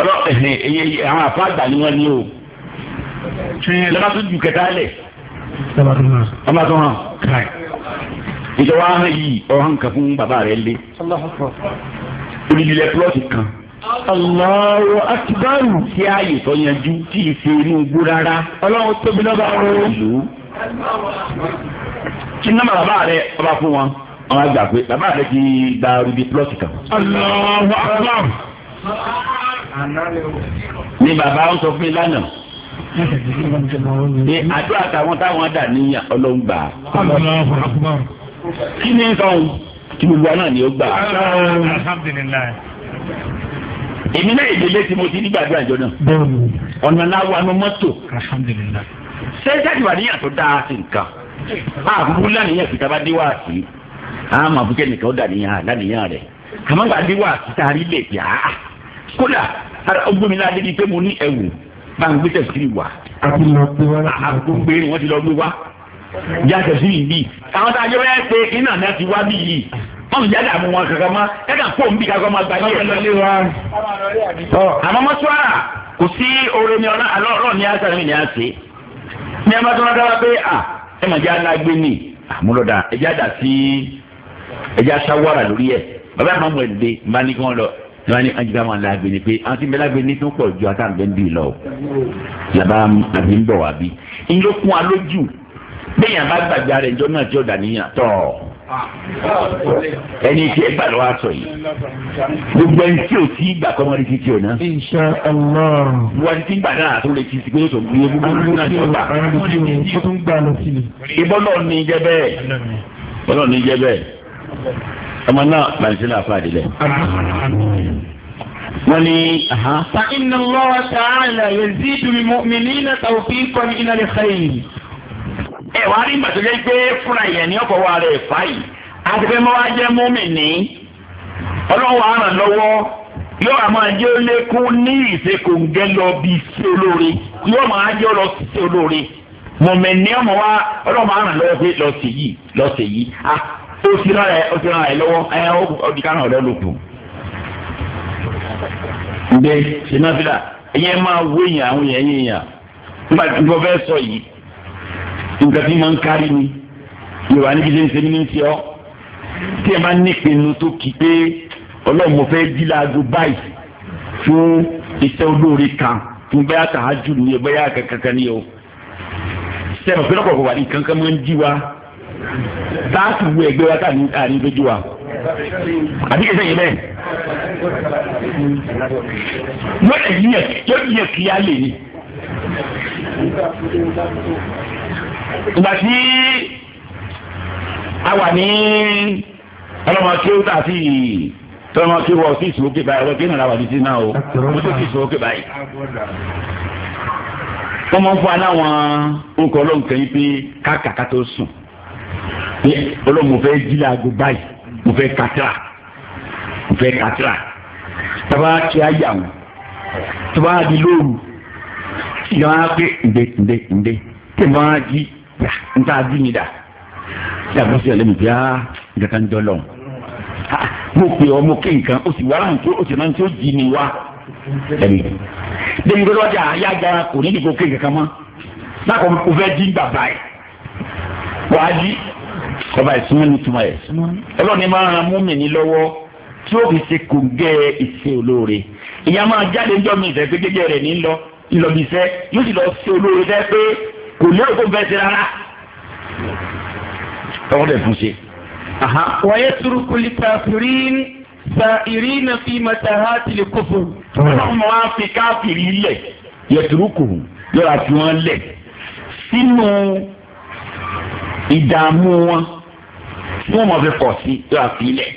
ọlọ́ọ̀ẹ́ àwọn àfa àgbà ni wọ́n ní o lọ́ba tó ju kẹta lẹ̀ ọba tó hàn ìjọba hàn yìí ọ̀hán kan fún bàbá rẹ̀ lé olùdílé plọ́ọ̀tì kan. Allahu akbar. Tí ààyè tó yanjú tí ì inú igbó rárá. Ọlọ́run tóbi lọ́ba ọ̀rọ̀. Kí ní bàbá rẹ̀ ọba fún wọn? Wọ́n á gbà pé bàbá rẹ̀ ti gba olùdílé plọ́ọ̀tì kan. Allahu akbar ni bàbá ń sọ fún mi lánàá ní àdó àtàwọn táwọn dà ní ọlọ́ngbà kí ni ń sọ̀hún kí gbogbo àná ni ó gbà. èmi náà ìdílé tí mo ti ní gbàdúrà ìjọ náà ọ̀nà láwa ní mọ́tò ṣé jáde wà níyàn tó dáa sí nǹkan àbúrú lánìyàn fi tábà dé wá sí i àmọ́ àbúkẹ́ nìkan ó dà níyàn rẹ̀ kàmáǹgbà dé wá sí i tá a rí lè jà á kódà ọgbọ́n mi náà débi pé mo ní ẹ̀wù bá ń gbé tẹ̀síì wá. àgbógbé wọn ti lọ gbé wá já tẹ̀síì bí. àwọn tá a jẹ́ wẹ́ẹ́ pé iná náà ti wá bí yìí wọ́n jẹ́ dààmú wọn kankan mọ́ kẹ́kà kó ń bí kankan mọ́ gba yìí. àmọ́ mọ́ṣúárà kò sí oore ní ọ̀nà àlọ́ọ̀rọ̀ ní àṣà mi ní àṣẹ. ní ẹ̀ma tó ń dára pé à ẹ̀ mà jẹ́ alágbé ni àmúlọ̀dà ẹ̀já dà sí ẹ̀já ṣáwárà lórí ẹ̀ bàbá àmọ́ ẹ̀ dé má ní kí wọ́n lọ ní wọn ní ajínigbà wọn láàbì ni pé àwọn tí ń bẹ láàbì ní tó pọ̀ ju àtàǹgbẹ́ ń bì lọ làbá àbí ń bọ̀ wá bí. ń ló kún wa lójú bẹ́yàn bá gbàgbé rẹ̀ ìjọ náà tí ó dàníyàn tọ̀ ẹni tí ẹ gbà lọ́wọ́ aṣọ yìí gbogbo ẹni tí o ti gbà kọ́ mọ́ ní títí o náà. Insha Allah. wọ́n ti gbà náà tó lè ti sí pé o tó gbé gbogbo ẹni náà tí o gbà. ìbọn náà ní jẹ́ bẹ́ẹ̀ ọmọ náà bàǹsí náà fà dílẹ̀. wọ́n ní. fa inna Allaha ta'ala yazidu al-mu'minina tawfiqan ila al-khayr. ẹ wàá rí màtúndé gbé fúnra yẹn ní ọkọ̀ wa rẹ̀ fà yìí àti pé mọ́wá jẹ́ mùmínì ọlọ́wọ́ àràn lọ́wọ́ yóò àmọ́ ajé ó ní ìsekòǹgẹ́ lọ bíi sí olóore yóò máa ajé lọ sí olóore mọ̀mẹ́ni ọmọ wa ọlọ́wọ́ àràn lọ́wọ́ pé lọ́ọ̀sẹ̀ yìí lọ́ọ̀sẹ̀ yìí ah, ó ti rán ẹ ó ti rán ẹ lọ́wọ́ ẹ ó di kárán ọ̀dọ́ lòkù. ǹdẹ sinafila ìyẹn máa wé yàn àwọn yẹn yẹn yàn nígbà tí mo fẹ́ sọ yìí nǹkan tí mo ń kárí ni yorùbá níbi tí ń ṣe mí ní ti ọ́ tí ẹ máa nípinnu tó kí pé ọlọ́run mo fẹ́ dí láago báyìí fún iṣẹ́ olóore kan fún bẹ́ẹ̀ àtàhájú ni bẹ́ẹ̀ àkàkàkà ni o sẹ́wọ̀n pé lọ́kọ̀ọ̀kọ̀ wà ní kankan máa ń jí wa láti wo ẹgbẹ́ wa káàní àní lójú wa àbí kẹsẹ̀ yẹn bẹ́ẹ̀. wọ́n lè yẹ yóò yẹ kí á lè ní. ìgbà tí a wà ní ọlọ́mọkí ó tà sí tọ́lọ́mọkí wọ sí ìṣòwò kébà ẹ̀rọ kí nàrà wà ní sí náà o mo tó sí ìṣòwò kébà yìí. wọ́n máa fún wa nǹkan ọlọ́nkẹ́ yìí pé káàkà ká tó sùn pé olóòmù fẹ́ jí láago báyìí mo fẹ́ katra mo fẹ́ katra tàbá kí á yà wọ́n tàbá di lóru ìyá wọn á pé ǹdẹ ǹdẹ ǹdẹ tí mo máa jí yà ń tà bí mi dà yàtọ̀ sí ọ̀lẹ́mi bíi áá nǹkan ń dọ́lọ́ mo pè ọ́ mo ké nǹkan ó sì wàrà nǹkan ó sì náà tó jí mi wá ẹ̀mí lẹ́yìn tó lọ́jà ayé agbára kò ní ìdìbò ké nǹkan mọ́ lákòó mo fẹ́ jí gbàgbà yìí wàá jí ọba ìsúnmọ́ ní túmọ̀ ẹ̀ ọlọ́ni máa ran múmìnì lọ́wọ́ tí ó fi ṣe kòǹgẹ́ iṣẹ́ olóore ìyá máa jáde ńjọ́ mi ìfẹ́ pé gẹ́gẹ́ rẹ̀ ní lọ ìlọ́bìṣẹ́ yóò sì lọ ṣe olóore fẹ́ pé kò lérò kó bẹ́ẹ̀ ṣe rárá ọwọ́ dẹ̀ fún ṣe. wàyé turukuli kafirin sa irina fi mataha tili kofo. ọmọ wa fi káfìrí lẹ̀ yẹ turukuru yọ̀ọ́ àti ìdààmú wọn tí wọ́n mọ̀ fi kọ̀ sí yóò fi ilẹ̀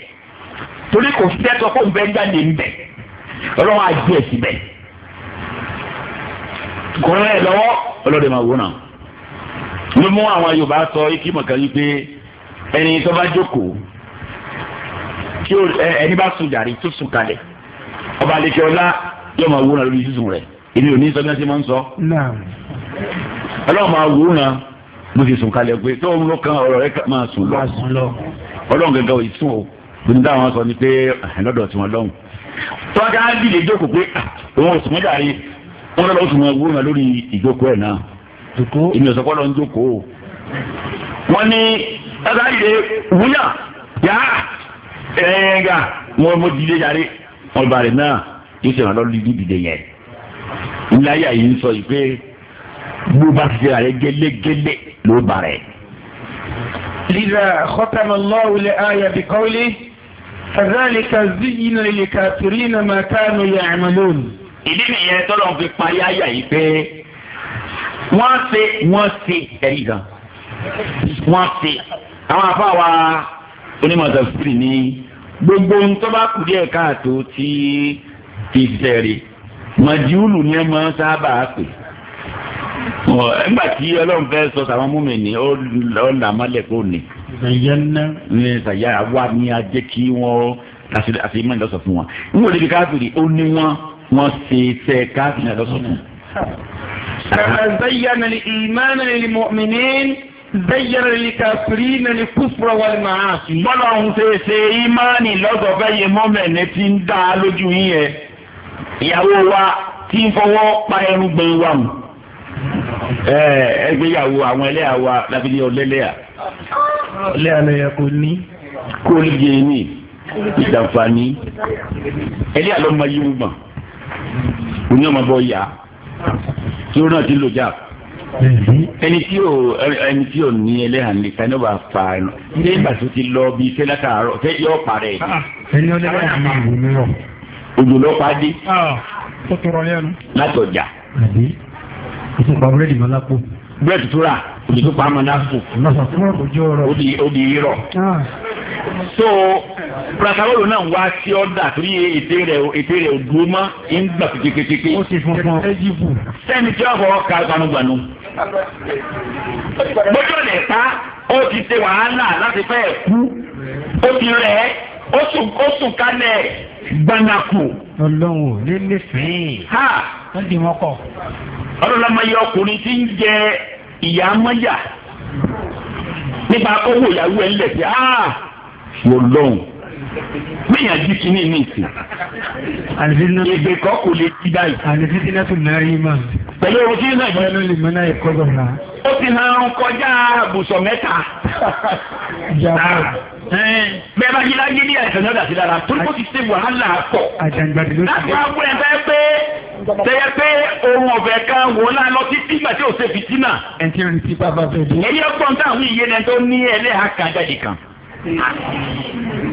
torí kò sí ẹ̀tọ́ kó bẹ́ẹ̀ jáde níbẹ̀ ọlọ́run á jẹ́ síbẹ̀ kọ́nà ẹ̀ lọ́wọ́ ọlọ́dẹ máa wò náà ló mú àwọn Yorùbá sọ ikí mọ̀kàn yìí pé ẹni tó bá jókòó tí ẹni bá sùn jàre tó sùn kalẹ̀ ọba àlekè ọlá yóò máa wò náà lórí sísun rẹ̀ èmi ò ní sọ bí wọ́n ti máa ń sọ ọlọ́run máa wò náà bó ṣe sùn kalẹ̀ pé tó ń lọ kan ọ̀rọ̀ rẹ máa sùn lọ ọlọ́run gẹ́gẹ́ òye sùn o gbogbo táwọn sọ ni pé ah, lọ́dọ̀ tí wọ́n lọ́hùn. tọ́jà á dìde jókòó pé ah, òun ò sùn mọ́ jàre wọ́n lọ́wọ́ sùn mọ́ gbóhùn lórí ìjókòó ẹ̀ náà èmi ọ̀sán kọ́lọ́ ń jókòó. wọ́n ní tọ́jà á wúyà yá ẹ̀ẹ́gà wọ́n mọ dìde jàre wọ́n bàrẹ̀ náà yóò ṣe wọn gbogbo àti ṣe àrẹ gẹ́lẹ́gẹ́lẹ́ ló bá rẹ̀. لذا ختم الله الآية بقوله فذلك زين للكافرين ما كانوا يعملون ìdí nìyẹn tọ́lọ́ fi parí àyà yìí pé wọ́n ṣe wọ́n ṣe ẹ̀rí gan wọ́n ṣe àwọn afáwa onímọ̀tò fìrì ní gbogbo ntọ́ bá kù díẹ̀ káàtó tí kì í ṣẹ̀rí màjúùlù ni ẹ máa ń sábà pè é nígbà tí ọlọ́run fẹ́ sọ tàwọn múmi ni ó là mọ́lẹ̀ kó ní. ṣàyà ná. ní ṣàyà wa ni a jẹ́ kí wọ́n àti ìmọ̀ ìlọsọ fún wọn. nígbà tí káfíìrì ó ní wọ́n wọ́n ṣe iṣẹ́ káfíìrì ìlọsọ fún. zayyana li imana li mu'minin zayyana li kafirina li kufra wal ma'asi. bọ́lá òun ṣe ṣe ìmánì lọ́dọ̀ bẹ́yẹ mọ́mẹ́ni ti ń dá lójú yín yẹn ìyàwó wa ti ń fọwọ́ pa ẹrú gbẹ̀yìn wa mu. ẹgbéyàwó àwọn ẹlẹ́yà wa lábí ọlẹ́lẹ́yà. ọlẹ́yà ló yẹ kó ní. kó ní yé ní ìjàǹfààní ẹlẹ́yà ló máa yí mu mọ̀ òní ọmọ bọ́ yá lórí náà ti lò já ẹni tí ò ẹni tí ò ní ẹlẹ́yà ní ká ní ẹnu ṣé ìgbà tó ti lọ bí iṣẹ́ látàárọ̀ ṣé yọ parẹ́ yìí. Ah, ah. ẹni ọlẹ́yà máa wù mí rọ. òjò lọ́pàá dé. Ah, ìsopọ̀ búrẹ́dì mọ́ lápò. búrẹ́dì tó rà ìsopọ̀ àmọ́ lápò. odi odi irọ́. Ah. so pratawolo náà wá sí ọ̀dà torí ètè rẹ̀ ètè rẹ̀ òdúró mọ́ ń gbà kékeré. ó ti funfun sẹ́ni tí wọ́n fọwọ́ ka gbanugbanu. gbọ́dọ̀ lẹ̀ ta ó ti ṣe wàhálà láti fẹ́ ẹ̀ kú ó ti rẹ̀ ẹ́ ó sùn ó sùn kálẹ̀ gbanaku. ọlọ́run lé lè fẹ́. ha wọ́n di wọn kọ ọlọ́lọ́mọye ọkùnrin tí ń jẹ ìyá mọ́yà nípa kọ́wọ́ ìyàwó ẹ̀ ńlẹ̀ sí áà ah, wò lọ́hùn mẹ́yàn jí kínní ní ìsìn ìgbè kọ́ kò lè jí báyìí. àlejò tí náà tún náà rí mọ́. pẹ̀lú ohun tí náà yẹn ló lè mọ náà ẹ̀kọ́ gbọ̀n náà. ó ti hàn kọjá bùsọ̀ mẹ́ta. bẹ́ẹ̀ bá yílá yé ní àìsàn náà dàsí lára tó kó ti ṣe wàhálà pọ̀. àjàǹgbàdì ló ti wọ́n. láti wá wúlẹ̀ fẹ́ pé tẹ́yẹ pé ohun ọ̀bẹ kan wò náà lọ títí ìgbà tí ò ṣe fìtínà. ẹ ti rìn sí bàbá bẹ́ẹ̀ dé. èyí ọgbọ́n táwọn iye náà tó ní ẹlẹ́hà kan jáde kan.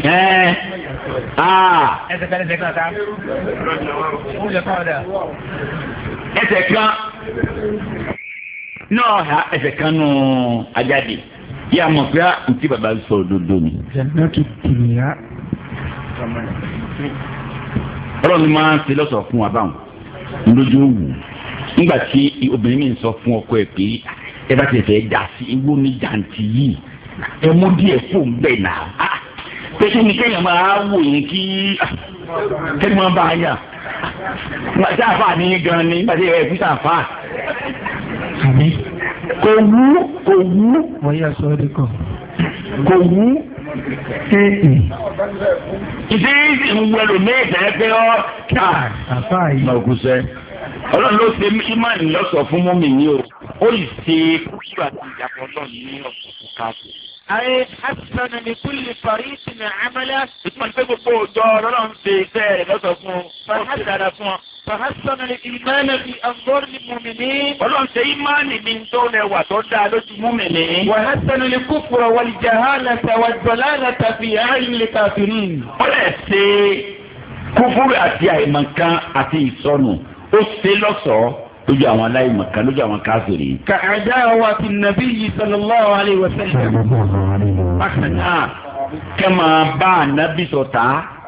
ẹ ẹsẹ̀ kan ẹsẹ̀ kan ta ẹsẹ̀ kan náà ha ẹsẹ̀ kan nù ajáde yà mọ̀ pé ntí bàbá sọ òdodo ni. ọlọ́run máa ń ṣe lọ́sọ̀ fún wa báwọn lójú òwú nígbà tí obìnrin mi ń sọ fún ọkọ ẹ pé ẹ bá tẹ̀sẹ̀ dà sí ewu ní jàǹtì yìí ẹ mú díẹ̀ fóun bẹ̀ náà ah, pé kí ni kéèyàn máa wò yín kí ah, kẹ́ni wọ́n bá yàn gbàtí àfa ní gan ni gbàtí ẹ fún sàfà kò wú kò wú kò wú ìdí ìwẹ̀lò méjì ẹgbẹ́ ọ́ ká ọ̀gùsẹ̀ ọlọ́run ló ṣe ìmánì lọ́sọ̀ fún mọ́mì yìí o ó sì ṣe kúrò àti ìjàpọ̀ náà ní ọ̀sán káàkiri ayé asanu ní kúlì parí sí ní amẹ́lẹ́. ìtumọ̀ ní pé gbogbo òjò ọlọ́run ń ṣe iṣẹ́ rẹ̀ lọ́sọ̀ fún un. ó ti dáadáa fún ọ. fàhásánù ní ìmọ̀lẹ́ ní agbórí ní mùmìnì. ọlọ́run ṣe ìmánì mi tó lẹ́wà tó dáa lójú mùmìnì. wàhásánù ní kúkúrọ̀ wàlí jahala tàwa jọlá nàta fi àárín lè káfírí. ó lè ṣe kúfúrú àti àìmọ̀kan àti ìsọnù ó ṣe lọ́sọ̀ọ́ lójú àwọn aláìmọ̀ká lójú àwọn káfíìrì. kàdá wa ti nàbí yìí sallallahu alayhi wa sallam. bákan náà ah, kẹ́ máa bá ànábì sọ̀tà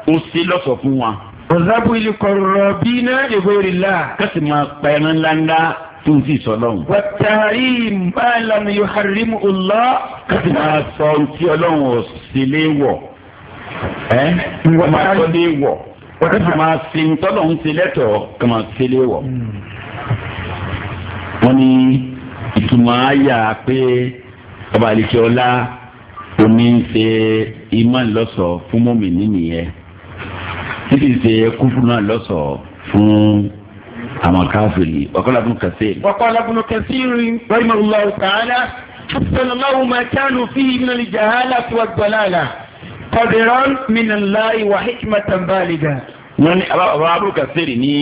ó sí lọ́sọ̀ fún wa. ọ̀sábù ilé kọ̀rọ̀ bí iná ìwé rẹ̀ la. kẹ́sì máa pa ẹran ńláńlá tó ń sì sọ́lọ́hún. wà á tààrí ìmọ̀lànà yóò harim Allah. kẹ́sì máa sọ ti ọlọ́run ọ̀sẹ̀lẹ̀ wọ̀. ẹ́ wọ́n máa sọ lé wọ̀. wọ́n máa sin tọ́lọ́hún sílẹ̀ tọ̀ kàn máa wọ̀. Hmm wọ́n ní ìtumọ̀ àyà pé ọba àlìkè ọlá omi ń ṣe imán lọ́sọ̀ọ́ fún mọ́mìnì nìyẹn títí ṣe kúfúrú náà lọ́sọ̀ọ́ fún àwọn káfíìrì ọ̀kọ́lá bùnú kẹsìrì. ọ̀kọ́lá bùnú kẹsìrì rahimahu allah ta'ala hasana lahu ma kanu fihi min al-jahala wa dalala qadiran min allahi wa hikmatan baliga. wọ́n ní àbá àbúrò kẹsìrì ní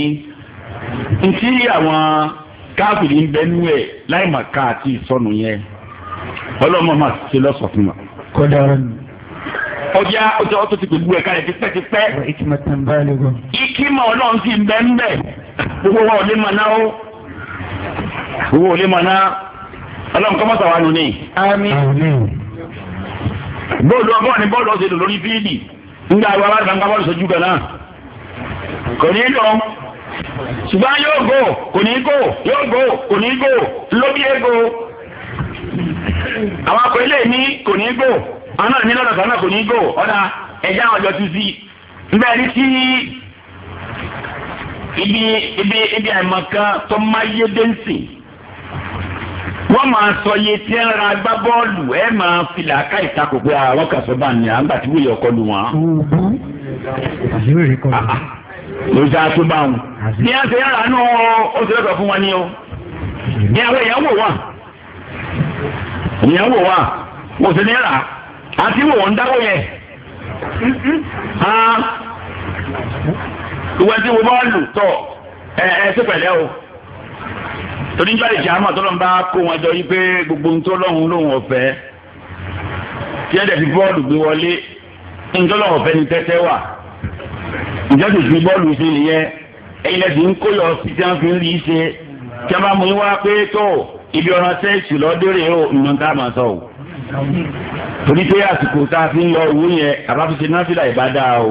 ntí àwọn káàkiri ń bẹnu ẹ̀ láì mà ká àti ìsọnù yẹn ọlọ́mọ máa ṣe lọ́sọ̀ fún wa. kọ́dà ọ̀rọ̀ mi. ọjà ọjà ọtún ti gbogbo ẹ̀ kalẹ̀ tipẹ́tipẹ́. ìkìmọ̀ tẹ̀ ń bá ẹ lọ́gọ́. ìkìmọ̀ ọlọ́run ti ń bẹ ń bẹ̀ gbogbo wa ò lè mọ̀ náà ó gbogbo ò lè mọ̀ náà ọlọ́run kọ́ mọ́tà wa nù ní. àmín. bóòlù ọgbọ́n ni bóòlù ọ̀sẹ̀ lò lórí fíìlì ńgbà wa bá ṣùgbọ́n yóò gò kò ní gò yóò gò kò ní gò lóbi ego àwọn akọ ilé ní kò ní gò àwọn náà ní lọ́dọ̀ kan náà kò ní gò ọ̀dà ẹ̀já ọjọ́ ti sí nígbà yẹn tí ibi ibi ibi àìmọ̀kan tó máa yé dé ń wọ́n máa sọ iye tí ń ra gbá bọ́ọ̀lù ẹ máa fi làákà ìtakò pé àwọn kàṣọ́ bá ní àgbà tí wúyọ̀ kọlù wọn lójú àtúbà wọn. ní àti yàrá nù oṣù lẹ́kọ̀ọ́ fún wa ní o. ní àwọn èèyàn wò wá èèyàn wò wá wò sí ní rà àti wò wọ́n dáwọ́ yẹ. ìwé tí wọ́n bá lù tọ̀ ẹ ẹ sí pẹ̀lẹ́ o toníjọ́ ìjàmọ̀ tó lọ́n bá kó wọn jọ yí pé gbogbo ohun tó lọ́hùn lòun ọ̀fẹ́ tí ẹ̀ dẹ̀ fi bọ́ọ̀lù gbé wọlé ń tó lọ́hùn ọ̀fẹ́ ni tẹ́tẹ́ wà ìjọba ìfi bọ́ọ̀lù sí nìyẹn ẹ̀yin lẹ́sìn ń kó yọ sí tí wọ́n fi ń rí ṣe kí wọ́n bá mú wá pé tó ibi ọ̀ràn sẹ́ẹ̀sì lọ́dẹ̀rẹ̀ ó nǹkan tá a sọ o. torí pé àsìkò tá a fi ń lọ owó yẹn àbáfíṣe náfìlà ìbádá o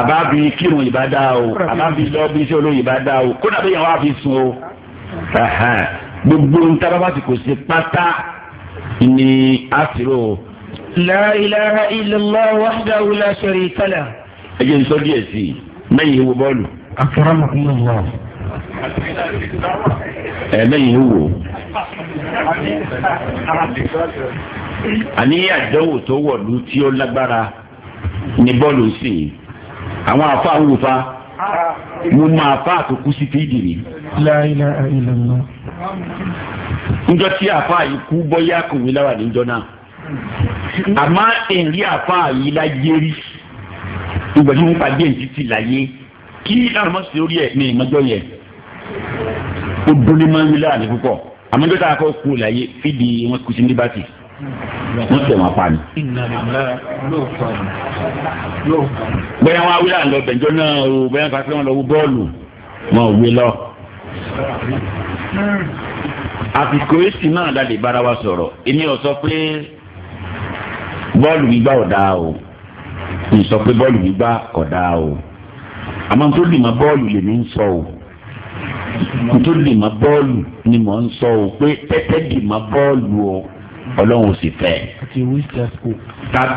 àbábi kírun ìbádá o àbábi lọ́bí iṣẹ́ olóyè ìbádá o kódà bí yẹn wá fi o. gbogbo ń tábà bá ti kò ṣe pátá ni a fi rò. la ẹ jẹ́ nsọ́ díẹ̀ sí i mẹ́yìn ìwò bọ́ọ̀lù. akẹ́rọ mọ̀ kúmọ̀ wọ̀. ẹ mẹ́yìn ìwò. àní àdánwò tó wọ̀lú tí ó lágbára ní bọ́ọ̀lù sí i àwọn afa ń wò fa mo máa fa àtòkù sí fídì rí. láìla àìlànà. njọ tí afa yìí kú bọ́yá kò wí láwà níjọ náà àmọ́ èrè afa yìí la yé rí ìgbà tí mo pàdé ẹ̀ títí láyé kí lárúmọ́ sí orí ẹ̀ ní ìmọ̀jọ́ yẹn ó dúró máa ń wí láàrin púpọ̀ àmọ́jọ́ tá a kọ́ kú láyé fídì wọn kù sí níbàtì wọ́n tẹ̀ wọ́n pa ni. bóyá wọn awúlẹ̀ àlọ́ bẹ̀jọ́ náà o bóyá wọn fàáfẹ́ wọn lọ wú bọ́ọ̀lù wọn ò wé lọ. àsìkò èsì náà dá bára wa sọ̀rọ̀ èmi ò sọ pé bọ́ọ̀lù gbígbà ò o nsọ pé bọ́ọ̀lù gbígbá kódà o àmọ́ tó lè mọ bọ́ọ̀lù lèmi ń sọ o tó lè mọ bọ́ọ̀lù ni mò ń sọ o pé tẹ́tẹ́ lè mọ bọ́ọ̀lù o ọlọ́run ò sì fẹ́.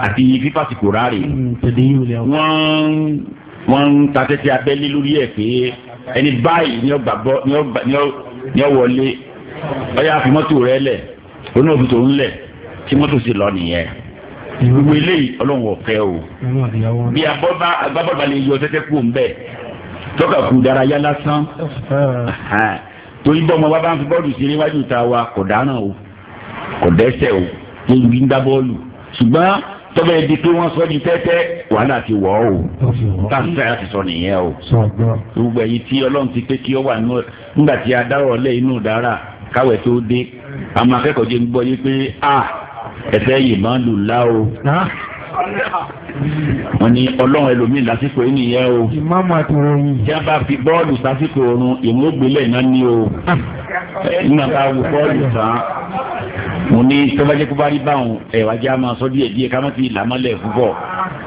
àti fífà ti kò rárẹ̀ hmm, wọ́n wọ́n ń ta tẹ́tẹ́ abẹ́lé lórí ẹ̀ pé ẹni báyìí ni ó gbà bọ́ ni ó wọlé ọ̀yà àfi mọ́tò rẹ̀ lẹ̀ onóòfin tó ń lẹ̀ tí mọ́tò sì lọ nìyẹn gbogbo eléyìí ọlọ́run ọ̀fẹ́ o bí agbábọ́ọ̀lù bá lè yọ tẹ́tẹ́ kú òun bẹ́ẹ̀ tọ́ka kù dárayá lásán torí bọ́ọ̀mọ wa bá ń fi bọ́ọ̀lù sí níwájú ta wa kò dáná o kò dẹ́sẹ̀ o ní ìlú ń gbá bọ́ọ̀lù ṣùgbọ́n tọ́bẹ̀ di pé wọ́n sọ ní tẹ́tẹ́ wàhálà ti wọ̀ ọ́ o táǹtà ti sọ nìyẹn o gbogbo èyí tí ọlọ́run ti pé kí ọ wà nígbà tí a dárò ọ̀lẹ́ inú dára káwẹ̀ tó dé ẹ̀fẹ́ yìí máa ń lù lá o wọ́n ní ọlọ́run ẹlòmíì lásìkò yìí nìyẹn o. ìmáàmù àtúrò yìí. tí a bá fi bọ́ọ̀lù sásìkò oorun ìmúgbélẹ̀ náà ní o. nígbà tá a wo bọ́ọ̀lù tán mo ní tó bá jẹ́ kó bá rí báwọn ẹ̀wà jẹ́ a máa sọ díẹ̀ díẹ̀ ká má ti làmọ́lẹ̀ púpọ̀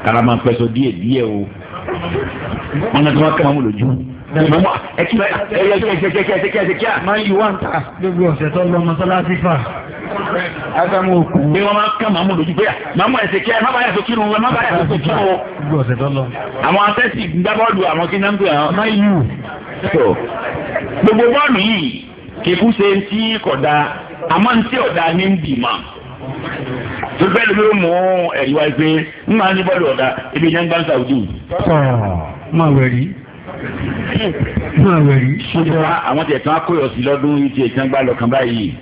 kára máa pẹ́ sọ díẹ̀ díẹ̀ o. wọ́n náà tó wá kẹ́wọ́n lójú. ẹ kí ẹ kí ẹ kí ẹ kí ẹ kí ẹ kí ẹ máa ń yí wá ń ta. gbogbo ọ̀sẹ̀ tó lọ mọ́sálásí fà asamu òkú. bí wọn máa kàn màmú lójú bóyá màmú ẹsẹ kí ẹ má bàa yàtọ̀ kírun ẹ má bàa yàtọ̀ kírun o. àwọn atẹ́sí gbábọ́ọ̀lù àwọn kí náà ń gbé àwọn. máa yù. gbogbo bọ́ọ̀lù yìí kìkú ṣe ń tí kọ̀dá àmọ́ ń tí ọ̀dá ní ń bì mà. tó bẹ́ẹ̀ ló ló mú ẹ̀rí wa pé ń máa ní bọ́ọ̀lù ọ̀dá ebi yẹn ń gbá Saudi. máa wẹ̀ rí máa wẹ̀ rí. ṣùgbọ́n àwọn tẹ̀sán akóyọ̀sí lọ́dún yìí tẹ̀sán gbá lọ́kàn báyìí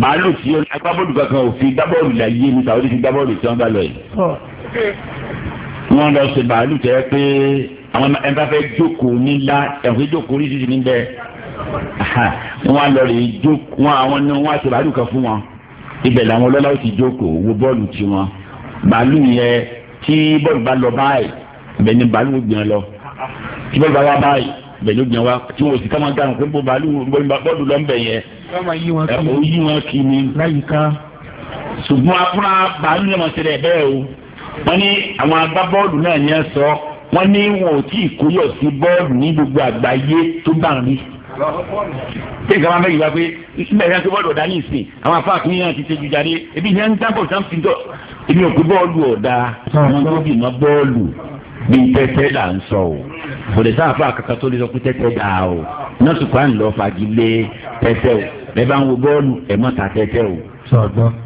màálù tí agbábọ́ọ̀lù kankan ò fi gbábọ́ọ̀lù là yé mi tàwọn ti gbábọ́ọ̀lù tí wọ́n bá lọ yìí. wọ́n lọ ṣe màálù tẹ́ pé àwọn ẹni bá fẹ́ jókòó nílá ẹ̀fọ́ jókòó ní títí níbẹ̀ wọ́n lọ rè jókòó wọn àwọn ni wọ́n ṣe màálù kan fún wọn ibẹ̀ làwọn ọlọ́lá ó ti jókòó wo bọ́ọ̀lù tiwọn màálù yẹn tí bọ́ọ̀lù bá lọ báyìí bẹ́ẹ̀ ni màálù gbìn lọ tí bọ́ọ̀lù bá wá báyìí bẹ́ẹ̀ ló gbìn wá tí wọ́n sì ká ẹ̀hún yí wọn kì í ni. ṣùgbọ́n afúnra bàálù ni wọ́n ti rẹ̀ bẹ́ẹ̀ o wọ́n ní àwọn agbábọ́ọ̀lù náà ní ẹ sọ wọ́n ní wọn ò tí ì kóyọ̀ sí bọ́ọ̀lù ní gbogbo àgbáyé tó bá ń rí tí nǹkan máa bẹ́ẹ̀ yíwa pé nígbà yẹn tó bọ́ọ̀lù ọ̀dà ní ìsìn àwọn afá àkúnyẹ́ náà ti ṣe ju jáde ebi yẹn ń dábọ̀ sáà ń fi dọ̀ èmi ò pé bọ́ọ̀lù ọ̀dà wọn tó bì mọ́ bọ́ọ̀lù bíi tẹ́tẹ́ là ń sọ o kò lè sáà afá kankan tó lè sọ pé tẹ́tẹ́ dà o nọ́ọ̀sì kan lọ fagilé tẹ́tẹ́ o bẹ́ẹ̀ bá ń wo bọ́ọ̀lù ẹ̀ mọ́ ta tẹ́tẹ́ o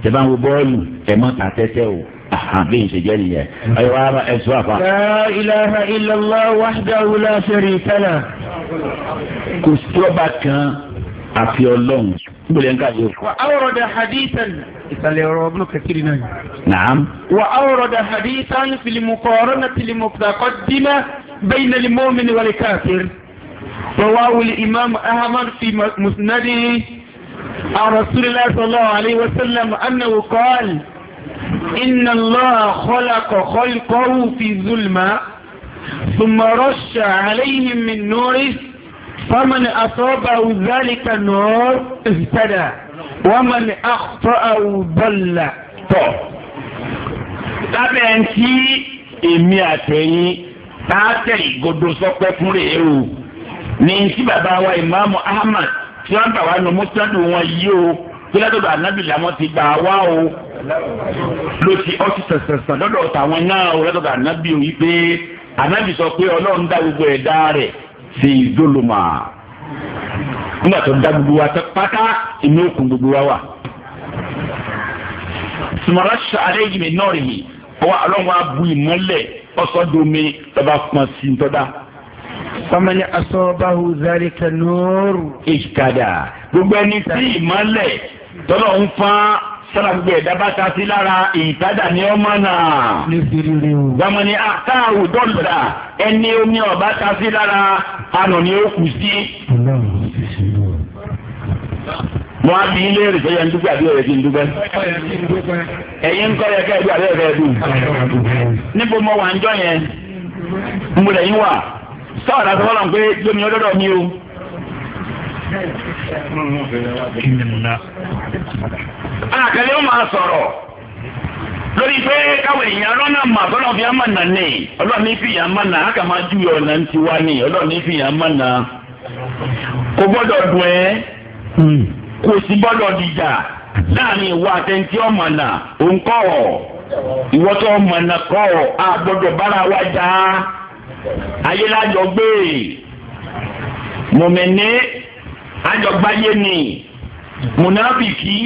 bẹ́ẹ̀ bá ń wo bọ́ọ̀lù ẹ̀ mọ́ ta tẹ́tẹ́ o bí n ṣe jẹ́ nìyẹn. ayọ̀ wa ẹ sọ àfa. la ilaha illallah wahdahu la sharika lah. kò sí kan àfi ọlọ́run gbọ́dọ̀ nǹkan yìí. wa awrada hadithan ìsàlẹ̀ ọ̀rọ̀ ọ̀bùnú kẹkiri náà. naam. wa awrada hadithan fil muqaranati lil mutaqaddima bayna al mu'min wal kafir. rawahu al imam ahmad fi musnadihi. عن رسول الله صلى الله عليه وسلم أنه قال إن الله خلق خلقه في ظلمة ثم رش عليهم من نوره فمن أصابه ذلك النور اهتدى ومن أخطأه ضل lábẹ́ أنتي tí èmi àtẹ̀yìn tá a tẹ̀ ìgodo sọpẹ́ fún rèé o ní tí bàbá wa ìmáàmù Ahmad tí wọ́n gbà wá nu mùsùlùmí wọn yí o tí ládọ́dọ̀ ànábì làwọn ti gbà wá o ló ti ọtí sẹ̀sẹ̀sẹ̀ lọ́dọ̀ tàwọn náà o ládọ́dọ̀ ànábì o yí pé ànábì sọ pé ọlọ́run dá gbogbo ẹ̀dá rẹ̀ sí ìdólùmọ̀ nígbà tó dá gbogbo wa tẹ pátá inú òkun gbogbo wa wà. sùmọ́rọ́ sàárẹ̀ yìí mi náà rèé ọlọ́run wa bu ìmọ́lẹ̀ ọ̀sọ́domi lọ́ba pọ̀ sí ntọ́da. famani asọ́bahu zalika nur ìkàdà gbogbo ẹni tí ìmọ̀lẹ̀ tọrọ ń fán gbogbo ẹ̀dá bá ta sí lára ìtajà ní ọmọ náà. gbàmọ̀ ni àtàwù ẹni ó ní ni mo á bí ilé rẹ̀ ń sáwà láti fọlọ́n pé lómi ọlọ́dọ̀ mi o. àkàlẹ́ ó máa sọ̀rọ̀ lórí pé káwọn èèyàn lọ́nà mà tọ́lọ́ fi àmà nà ní ọlọ́ọ̀ni fi yàn má nà ákà máa ju ọ̀nà ti wá ní ọlọ́ọ̀ni fi yàn má nà kò gbọ́dọ̀ dùn ẹ́ hmm. kò sí gbọ́dọ̀ dìjà láàrin ìwà àtẹ̀ntì ọmọ nà ìwọ́tọ̀ ọmọ nà kọ̀ ayé lájọ gbé mùmíní àjọgbáyé ni mùnáfìkì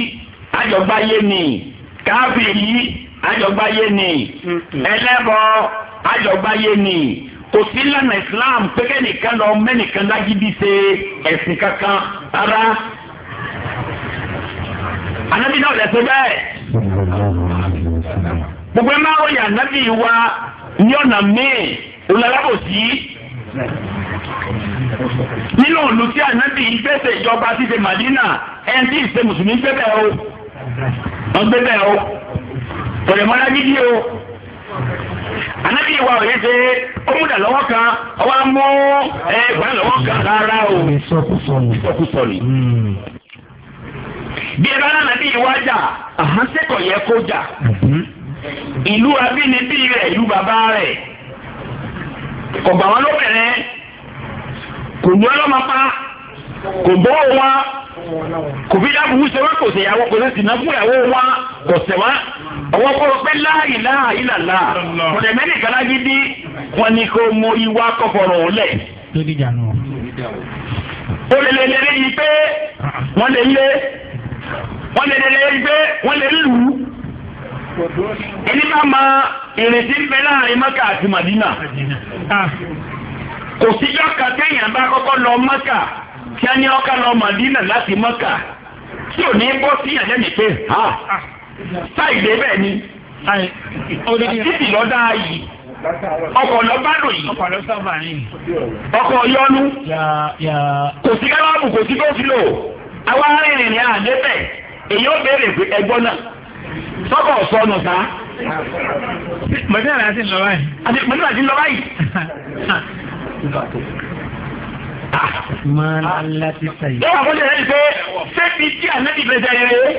àjọgbáyé ni káfíìrì àjọgbáyé ni ẹlẹ́bọ àjọgbáyé ni kò sí lànà islam pẹ́kẹ́ nìkan lọ mẹ́nìkan lágídí ṣe ẹ̀sìn kankan rárá anabi náà lẹsẹ bẹ́ẹ̀ gbogbo ẹ máa anabi wa ní ọ̀nà míì. olùlábòsí nínú òlù tí ànábì gbèsè ìjọba ti ṣe màdínà ẹni tí ìṣe mùsùlùmí gbẹbẹ o wọn gbẹbẹ o kọlẹmọlá gidi o ànábì wa òye ṣe ọmúdà lọ́wọ́ kan ọwọ amú ẹ lọ́wọ́ kan rárá o ìsọkúsọ ni bí ẹ bá lánàbí ìwájà àhánsẹkọ yẹ kó jà mhm. ìlú abínibí rẹ̀ ìlú bàbá rẹ̀ kò gbà wọn lóbìnrin kò ní ọlọ́mọ pa kò bọ́ wọn kò fi dábùú ṣe wọn kò ṣe ìyàwó kò ṣe sìnà fún ìyàwó wọn kò ṣe wọn àwọn kọ́rọ̀ láàyè láàyè làlá wọn ẹ̀mẹ́ nìkan láyé dé wọn ni kò mọ ìwà kọfọ̀rọ̀ ọ̀lẹ̀. ó lè lè lè yí pé wọ́n lè lé wọ́n lè lè lè yí pé wọ́n lè lù èyí ma mọ ìrètí ń bẹ láàrin mọ́kà àti màdínà ah. ah. kò síjọ́ kan téèyàn bá kọ́kọ́ lọ mọ́kà tí a ní ọkà lọ màdínà láti mọ́kà tí ò ní bọ́ sí ìyàjẹ́ mi pé ha ah. sáì dé bẹ́ẹ̀ ni títì lọ́dá yìí ọkọ̀ lọ́gbàdùn yìí ọkọ̀ yọnu kò sí gáláàbù kò sí tó fi lò àwa arìnrìn àdébẹ̀ èyí ó béèrè ẹgbọ́n náà sọ́kọ̀ sọnù ta. mọ̀tẹ́lá àti ń lọ báyìí. àti mọ̀tẹ́lá àti ń lọ báyìí. Máa ńlá ti sàyè. Yóò wá fún ṣe ṣe ṣé fi tí ànábì fẹsẹ̀ rere.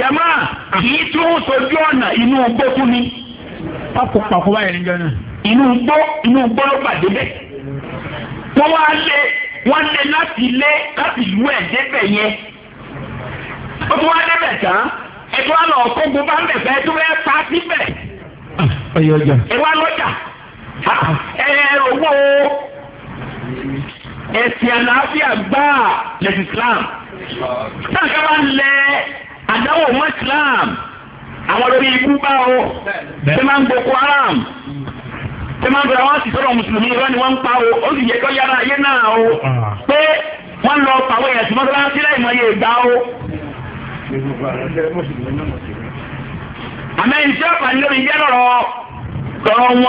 Jàmá kì í tún sojú ọ̀nà inú igbó fún mi. Pápò pàkó báyìí níjọ náà. Inú igbó inú igbó ló pàdé bẹ́ẹ̀. Wọ́n wá lé wọ́n lé láti lé láti lú ẹ̀ débẹ̀ yẹn bẹ̀ tán ẹ̀tọ́ wa lọ kógun bá ń bẹ̀ fẹ́ tó fẹ́ pa síbẹ̀. ọyọ ọjà. ẹ wá lọ́jà ẹ owó ẹ̀sìn àlàáfíà gbáà lẹ́sìn Islam sáàkà bá ń lẹ àdáwò mọ́ Islam àwọn lórí ikú bá o ṣé máa ń Boko Haram ṣé máa ń bẹ̀rẹ̀ wọn sì sọ̀rọ̀ mùsùlùmí ìwọ ni wọ́n ń pa o ó sì yẹ kó yára ayé náà o ah. pé wọ́n lọ pàwọ́ ẹ̀sìn mọ́tàlá sílẹ̀ àmẹ́yìn tí ọ̀pá ní lórí jẹ́ lọ́rọ̀ tọrọ wọn o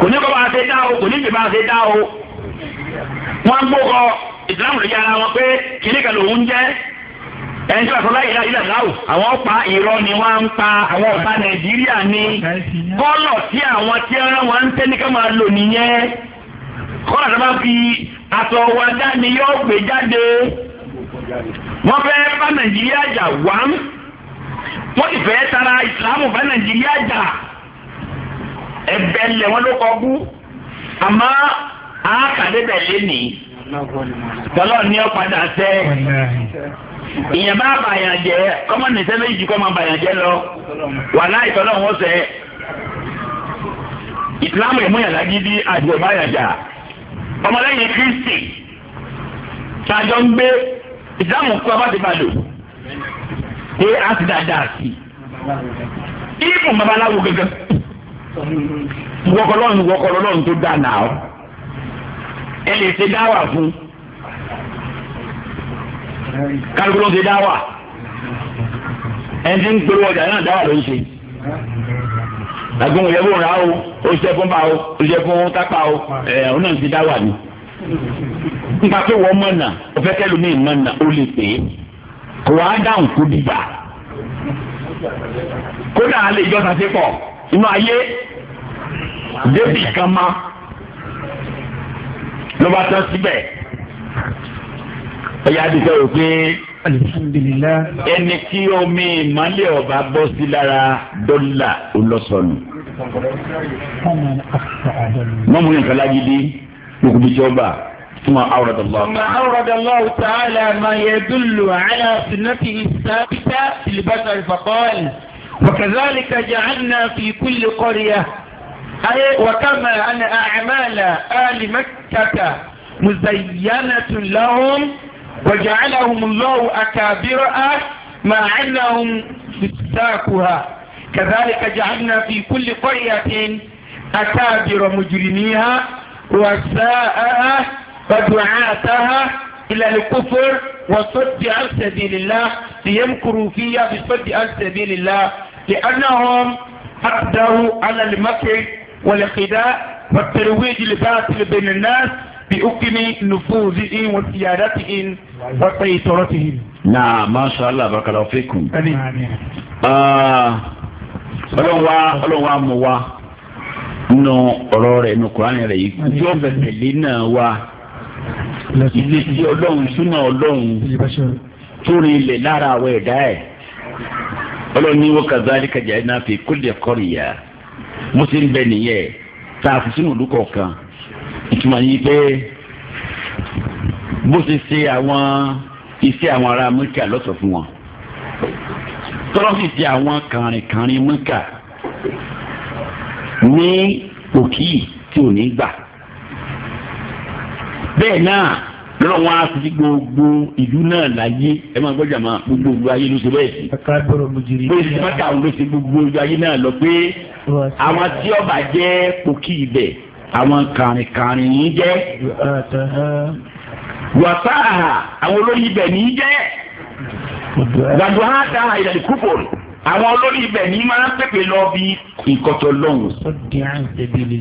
kò ní kọ́ bá a ṣe dá o kò ní jù bá a ṣe dá o wọ́n ń gbókọ ìsìlámù lójú ara wọn pé kìnìún kan lòún jẹ́ ẹni tí wọ́n sọ láyé ilé ìlàwọ̀ àwọn ọ̀pá irọ́ ni wọ́n ń pa àwọn ọ̀pá nàìjíríà ní kọ́lọ̀ tí àwọn tí wọ́n ń tẹ́ ní ká máa lò nìyẹn kọ́lọ̀ tó bá fi àtọ̀wọ́dá ni yóò gbé jáde. wọ́n fẹ́ bá nàìjíríà jà wám wọ́n sì fẹ́ tara ìsìlámù bá nàìjíríà jà ẹ̀bẹ̀ lẹ̀ wọ́n ló kọ́ bú àmọ́ àákàdébẹ̀ lé nì tọ́lọ́ ní ọ padà sẹ́ ìyẹn bá lọ wọn sẹ́ ìsìlámù gidi ọmọlẹ́yìn kristi ìsìlámù kọ́ bá ti bá lò pé a ti dáadáa sí i ìfún babaláwo gẹ́gẹ́ wọkọlọ́run wọkọlọ́run tó dá náà ọ ẹ lè ṣe dáwà fún kálukú ló ń ṣe dáwà ẹni tí ń gbèrú ọjà náà dáwà ló ń ṣe àgbọn òyẹ̀wò rà ó ó ṣe fún bá ó ó ṣe fún tápá ó ẹ̀ ọ́n náà ti dáwà ni nígbà pé wọ́n mọ̀ nà ọ̀fẹ́ kẹlòmí mọ̀ nà ó lè pè é kò wá dáhùn kó dìgbà kódà á lè jọ sase pọ̀ inú ayé débi kan ma ló bá tán síbẹ̀ ẹ̀yà àdìsẹ́ rò pé ẹni tí omi ìmọ̀lẹ̀ ọba bọ́ sí lára dọ́là olóṣọ̀nù. mọ́mú nǹkan lágídí gbogbo jọba ثم أورد الله ثم أورد الله تعالى ما يدل على سنته الثابتة في البشر فقال وكذلك جعلنا في كل قرية أي وكما أن أعمال آل مكة مزينة لهم وجعلهم الله أكابرها مع أنهم فساقها كذلك جعلنا في كل قرية أكابر مجرميها وساءها فدعاتها إلى الكفر وصد عن سبيل الله ليمكروا فيها بصد عن سبيل الله لأنهم أقدروا على المكر والخداع والترويج الباطل بين الناس بحكم نفوذهم وسيادتهم وسيطرتهم. نعم ما شاء الله بارك الله فيكم. آمين. آه. ọlọ́run wa ọlọ́run wa mú nínú ọ̀rọ̀ rẹ̀ nínú kuraani rẹ̀ yìí yọ fẹsẹ̀ lé náà wá ilé tí ọlọ́run súnà ọlọ́run tó rin ilẹ̀ lára àwọn ẹ̀dá ẹ̀ ọlọ́run ní wọ́n kàzáàlì kàjá iná fi kúlẹ̀ kọ́rìyà mo ti ń bẹ nìyẹn tá a fi sínú ìlú kọ̀ọ̀kan ìtumọ̀ yìí pé bó ti ṣe àwọn iṣẹ́ àwọn ará Amẹ́ríkà lọ́sọ̀ fún wọn tọ́lọ́sì ti àwọn kàrìnkàrìn Amẹ́ríkà ní òkì tí ò ní gbà bẹ́ẹ̀ náà lọ́rọ̀ wọn á fi gbogbo ìlú náà láyé ẹ máa gbọ́dọ̀ máa gbogbo ìlú ayé ló ṣe bẹ́ẹ̀ sí. pé sọ́kà àwọn ló ṣe gbogbo ìlú ayé náà lọ pé àwọn tí ọba jẹ́ pòkì ibẹ̀ àwọn kàrìnkàrìn yìí jẹ́. wàtá àwọn olóyìn ibẹ̀ ní í jẹ́. wàdùn dáhà ìdàdí kúpọ̀ àwọn olórí ibẹ̀ ní máa ń pèpè lọ bí nǹkan tó lọ́hùn.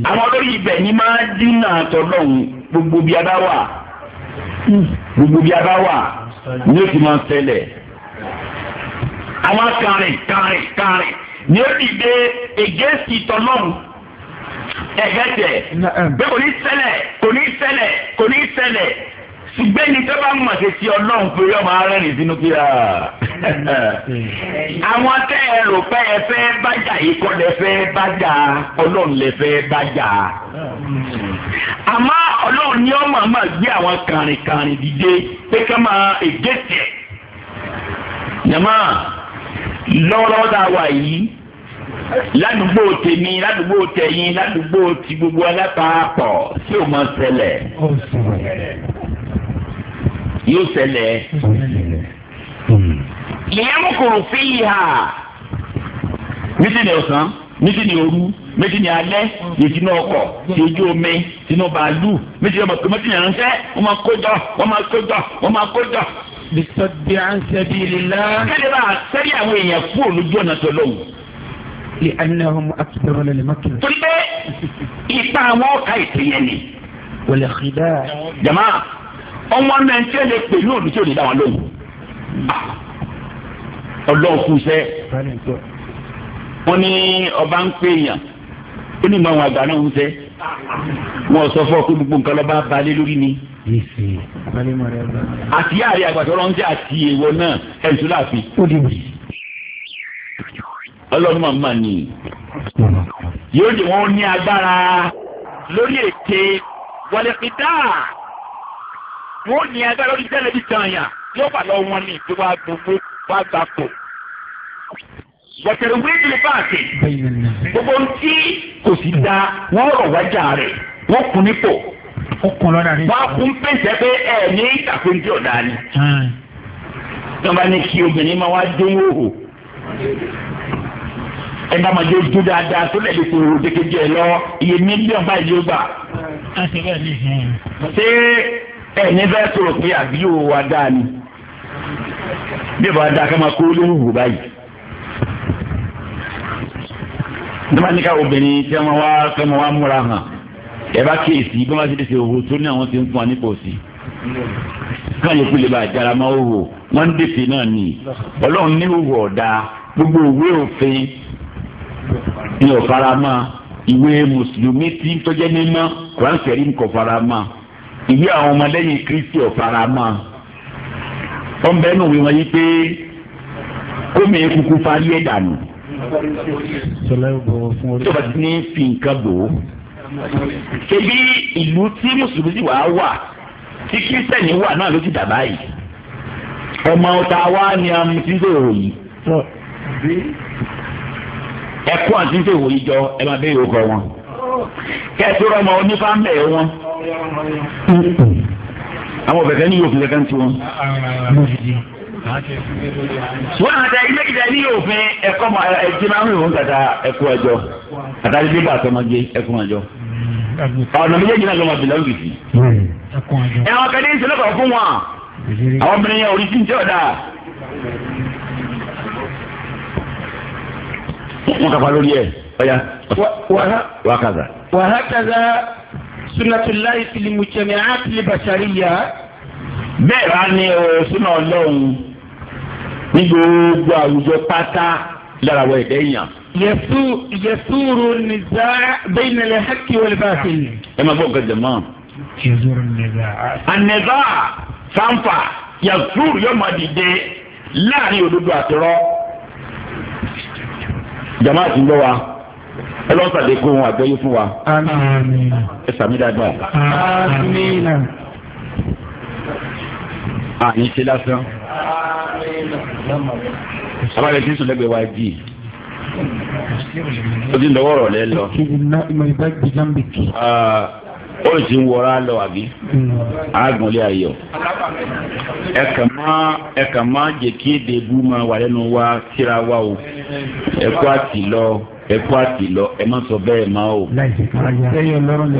àwọn olórí ibẹ̀ ní máa ń dínà tó lọ́hùn gbogbo bí a bá wà gbogbo bí a bá wà ní o ti máa ń ṣẹlẹ̀. àwọn kàrin kàrin kàrin ní o ti dé ègésì tó lọ́hùn ẹ̀gẹ́tẹ̀ pé kò ní ṣẹlẹ̀ kò ní ṣẹlẹ̀ kò ní ṣẹlẹ̀ ṣùgbọ́n ẹni tó bá ń mọ̀ ṣe ti ọlọ́run pé ọmọ ara rìn sínú kí á. àwọn tẹ́ ẹ rò pé ẹ fẹ́ bájà yìí kọ́ lẹ fẹ́ bájà ọlọ́run lẹ fẹ́ bájà. àmọ́ ọlọ́run ni ọmọ máa gbé àwọn kàrìnkàrìn dìde pé ká máa èdè tẹ̀. jàmá lọ́wọ́lọ́wọ́ tá a wà yìí ládùúgbò tèmi ládùúgbò tẹ̀yìn ládùúgbò ti gbogbo alápapọ̀ tí ò mọ̀ ṣẹlẹ̀ yóò ṣẹlẹ̀ hmm. lèyàmùkùrù fi ìhà mítìnì ọ̀sán mítìnì òru mítìnì alẹ́ mítìnì ọkọ̀ tìjú omi tìnú bàálù mítìnì ọmọ mítìnì ránṣẹ́ wọ́n máa kójọ wọ́n máa kójọ wọ́n máa kójọ. bisọ́dí ansẹ́bí lílá. kẹ́lẹ́ bá sẹ́rí àwọn èèyàn fún olójú ọ̀nà tó lọ́wọ́. lè anahum akitaro lẹ́lẹ́ mọ́kìlá. torí pé ipa àwọn ọ̀ka ọmọ náà ń tẹ́lẹ̀ pè ní òbí tí ò ní lóyún ọlọ́run kù sẹ́ wọ́n ní ọba ń pè yàn ó ní ìmọ̀ àgbà náà ń sẹ́ wọn sọ fún ọ gbogbo nǹkan lọ́ba balẹ̀ lórí ni àti àárẹ̀ àgbàdo ọlọ́run jẹ́ àti èèwọ̀ náà ẹ̀sùn láàfin. ọlọ́run máa ma nì yóò jẹ́ wọn ní agbára lórí ète wọlé fi dáa wọn ò ní agbára lórí tẹ́lẹ̀ bí tààyàn yóò wà lọ wọn ní ìdí wa gbogbo wa gbà pò. wọ̀tẹ̀rẹ̀ wíìlì lè báàkì gbogbo ohun tí kò sí da wọ́n rọ̀ wájà rẹ̀ wọ́n kún nípò. wọ́n á kún pèsè pé ẹ̀ ní ìtàkùn tí ọ̀dà ni. ìjọba ní kí obìnrin máa wá dún wòhò ẹ̀dá máa jẹ́ ojú dáadáa tó lẹ́yìn tó o dékejì ẹ̀ lọ iye mílíọ̀nù báyìí ló gbà. ṣé ẹ̀yin bẹ́ẹ̀ tó rò pé àbí o wa dáa ni bí o bá dáa ká máa kó lóhùn wò báyìí. nígbà níka obìnrin tí wọ́n wá fẹ́ wọ́n wá múra hàn ẹ bá kíyèsí bí wọ́n ti ṣe òwò tó ní àwọn ti ń fún wa nípa òsì. káwọn yòókù lè bá àjàrà máa wò wọ́n ń dèfè náà nì ọlọ́run ní òwò ọ̀dà gbogbo òwe òfin ni ò ìwé mùsùlùmí tí tọ́jẹ́ mímọ́ kùráǹsì ẹ̀rí ń kọ̀ fara ìwé àwọn ọmọlẹ́yìn kristi ọ̀faramọ́ ọ̀nbẹ́nu wí wọn yí pé kómi kúkú fáyé dànù tó bá ti ní fi nǹkan bò ó ṣebí ìlú tí mùsùlùmí wà á wà tí kírísítẹ̀nì wà náà ló ti dà báyìí ọmọ ọ̀tá wa ni a mú sí ìṣòro yìí ẹ̀kọ́ àti ìṣòro yìí jọ ẹ máa bẹ́ẹ̀ yóò kọ́ wọn kẹ́ẹ̀tọ́ ọmọ onífàmẹ́ wọn àwọn bẹ̀rẹ̀ ní òfin kankan tiwọn. wọ́n àtẹ ilé-ìdá ní òfin ẹ̀kọ́ ẹ̀jẹ̀ máa ń rìn òun tàtà ẹ̀kú ẹjọ́ àtàlẹ́ bíbá àtọmọdé ẹ̀kú ẹjọ́ ọ̀nà méjèèjì náà ló máa bìlẹ̀ òkìtì. ẹ̀wọ̀n kan ní ìṣẹ̀lẹ̀kọ̀ fún wọn àwọn obìnrin yẹn orí tíjọ́ ọ̀dà. wọ́n kàfa lórí ẹ̀ ọ̀ya wàhákàzà. wàhákàzà sunnatullahi fil mujtami'ati al bashariyya bẹ́ẹ̀ bá ní ọ̀rọ̀ súnà ọlọ́run ní gbogbo àwùjọ pátá lára wọ ẹ̀dẹ́ yàn. yẹsùrù nìza bẹ́ẹ̀ nílẹ̀ hakki wal batil. ẹ máa bọ̀ nǹkan jẹ̀mọ́. yẹsùrù nìza. ànẹ́bà fanfa yẹsùrù yóò máa dìde láàrin òdodo àtọ́rọ́. jama ti ń bọ̀ wa ọlọ́sàdé kó wọn àgbẹ̀yé fún wa. ẹ sàmì dáadáa. àyìn ṣe lásán. abalẹ̀ tí sùn lẹ́gbẹ̀ẹ́ wa jì. o ti lọ́wọ́ rọ̀ lẹ́ lọ ó sì ń wọra lọ àbí àgùnlé ayọ̀ ẹ má ẹ má jẹ́ kí èdè ma wà lẹ́nu wa síra wa o ẹ kó àtì lọ ẹ kó àtì lọ ẹ má sọ bẹ́ẹ̀ má o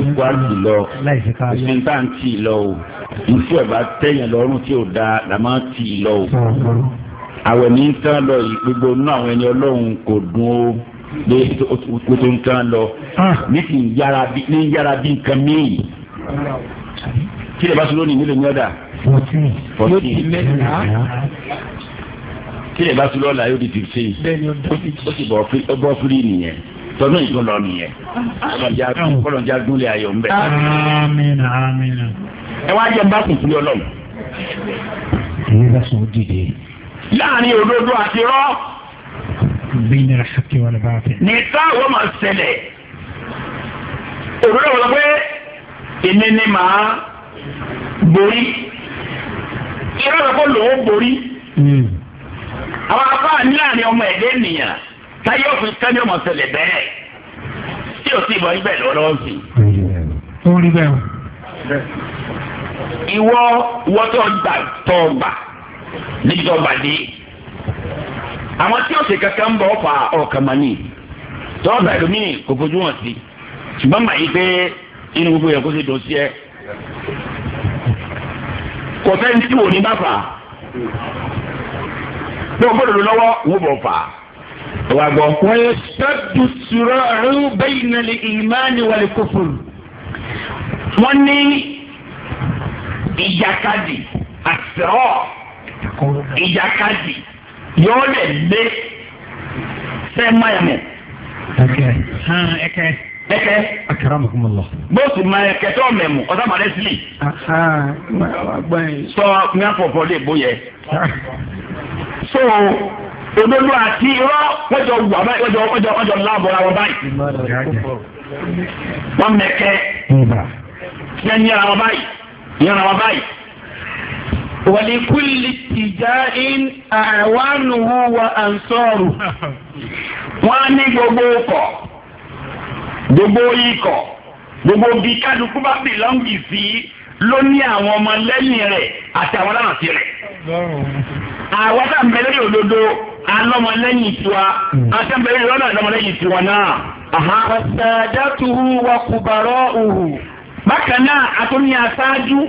ẹ kó àtì lọ òsín tá à ń tì lọ o nfú ẹ bá tẹ̀yìn lọ́rùn tí ò dáa là má tì lọ o àwẹ̀ ní tán lọ yìí gbogbo nínú àwọn ẹni ọlọ́run kò dùn o lé tó tó nǹkan lọ ah. ní kì í yára bí ní yára bí nǹkan míì kí lè bá sọ lónìí nílò ní ọ̀dà fourteen kí lè bá sọ lọ́la yóò di fifteen ó sì bọ́ fúri nìyẹn tọdún yìí lọ nìyẹn kọlọ̀njà dúnlẹ̀ ayọ̀ ń bẹ̀. ẹ wá jẹ́ bá kùn fúlẹ̀ láàrin òdodo àti rọ́ bẹ́ẹ̀ ni hakí wà lọ́ba fẹ́. nìka àwọn máa ṣẹlẹ̀ òwúrọ̀ wọ́n pé èmi ni màá borí irọ́ rẹ̀ kó lòó borí àwọn afáà ní àárín ọmọ ẹ̀dẹ́ nìyà táyé òfin kẹ́ni ọmọ ṣẹlẹ̀ bẹ́ẹ̀ tí o sì bọ̀ ibẹ̀ lọ́wọ́lọ́wọ́ sí. ó rí bẹ́ẹ̀ o. ìwọ wọ́tọ̀ gbà tọ́ gbà níbi tó gbà dé. àwọn tí ọ̀sẹ̀ kankan ń bọ̀ ọ̀fà ọ̀kàmánì tọ́ọ̀bà ẹ̀lómi kò fojú wọn sí ṣùgbọ́n mà yí pé inú gbogbo yẹn kó ṣe dùn ẹ. kò sẹ́ni tí wò ní bá fà á bí wọ́n gbọ́dọ̀ lọ́wọ́ wọ́n bọ̀ fà á gbọ́. wọ́n sùrọ̀ wọ́n ní ìjàkadì àsìrọ̀ ìjàkadì yóò lè lé sẹ́ mayami. ẹkẹ ẹkẹ ẹkẹ. akramakumullah. bóòsù ma ẹkẹ tó mẹmu ọ̀sán bàdé sílì. sọ ní afọ̀fọ̀ lè bó yẹ. so òdodo àti irọ́ wọ́n jọ wà báyìí wọ́n jọ wọ́n jọ wọ́n jọ láàbọ̀ra wọn báyìí. wọ́n mẹ̀kẹ́ yẹn yẹn ara wọn báyìí yẹn ara wọn báyìí wàlíkúlì tìjà in àwánùhù wa ànsọ́rù wọn á ní gbogbo ọkọ̀ gbogbo ikọ̀ gbogbo bí kálukú bá bì lọ́ngì sí ló ní àwọn ọmọ lẹ́yìn rẹ̀ àti àwọn aláǹtí rẹ̀ àwọn tá à ń bẹ lẹ́yìn òdodo alọ́mọlẹ́yìn tiwa àti à ń bẹ lẹ́yìn tiwa náà. Àsàdátùhù wa kùbàrọ̀ òhù. Bákan náà, àtúnyà sáájú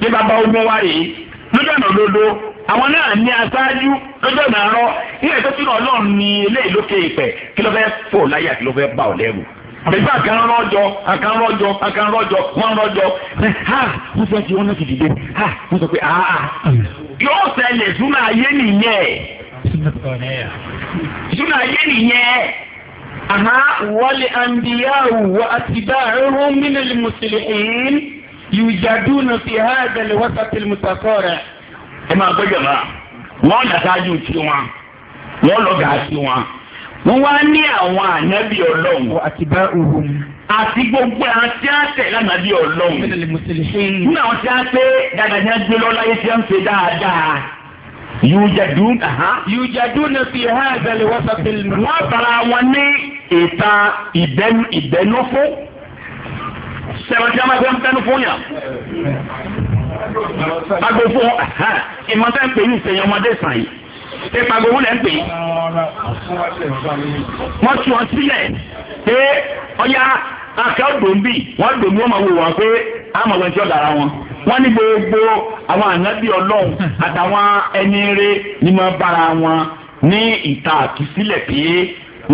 ní bàbá ogun wa rèé. lójú ọ̀nà òdodo àwọn náà ní aṣáájú lójú ọ̀nà àárọ̀ ilé tó tún ọlọ́run ní eléyìí lókè ìpẹ́ kí ló fẹ́ fò láyà kí ló fẹ́ bà ọ́ lẹ́rù. àkànrọ́jọ àkànrọ́jọ àkànrọ́jọ rọ́jọ ha wọ́n fẹ́ ti wọ́n náà ti ha wọ́n sọ pé yóò súnà ayé nìyẹn súnà ayé nìyẹn aha wa yujaduna fi hada alwasat almutasara ẹ máa gbé jọba wọn dàtàjù tiwọn wọn lọ gà tiwọn wọn wá ní àwọn ànábì Ọlọ́run àtibá òhun àti gbogbo àwọn tí a tẹ lánàbí Ọlọ́run nínú àwọn tí a pé dáadáa ní agbé lọ láyé tí a ń ṣe dáadáa yujaduna yujaduna fi hada alwasat almutasara wọn bára wọn ní ìta ìbẹnú ìbẹnú fún sẹ̀rọ̀ tí a máa gbé ń tẹnu fún yàn. agbófo ìmọ̀tẹ́ ń pè ní ìsẹ̀yìn ọmọdé sàn yìí pépà gbogbo lẹ́ ń pè é. wọ́n tún ọ sílẹ̀ pé ọ̀yá akẹ́ dòmbì wọ́n dòmbì wọ́n máa wò wọ́n pé àmọ̀ wọn ti ọ̀ dára wọn. wọ́n ní gbogbo àwọn ànábì ọlọ́run àtàwọn ẹni eré ni wọ́n bára wọn ní ìta àkísílẹ̀ pé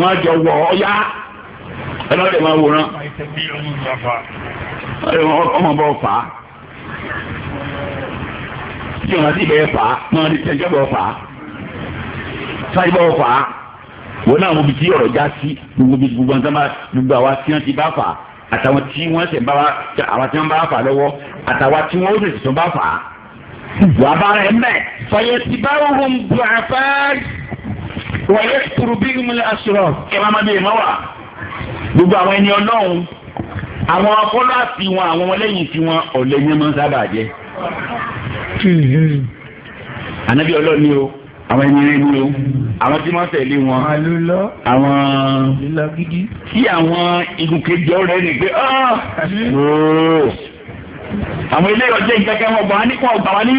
wọ́n jọ wọ̀ ọ́yá ẹlọ́dẹ̀ máa wòran ọmọ bọ̀ fà á tí wọn ti bẹ̀ẹ́ fà á náà ti tẹ̀jọ́ bọ̀ fà á sáyé bọ̀ fà á wọn náà mo bi tí ọ̀rọ̀ já sí gbogbo bí gbogbo nǹkan bá gbogbo àwa tí wọn ti bá fà á àtàwọn tí wọn sì bá àwa tí wọn bá fà á lọ́wọ́ àtàwa tí wọn ó sì bá fà á wàá bá rẹ̀ mẹ́. fàyẹ̀tì bá wọ́n bu àfáà wàyẹ̀ kùrù gbogbo àwọn ẹni ọlọ́run àwọn akọ́lá sí wọn àwọn ọmọlẹ́yìn sí wọn ọ̀lẹ́ yẹn máa ń sábà jẹ́. ànábì ọlọ́run ni o àwọn ẹni rẹ ni o àwọn tí wọ́n tẹ̀lé wọn àwọn tí àwọn igun kejì ọ̀rẹ́ ni pé ooo. Ah! àwọn ilé ọjọ́ ìgbẹ́kẹ̀ wọn gbà wá ọgbà wá ní.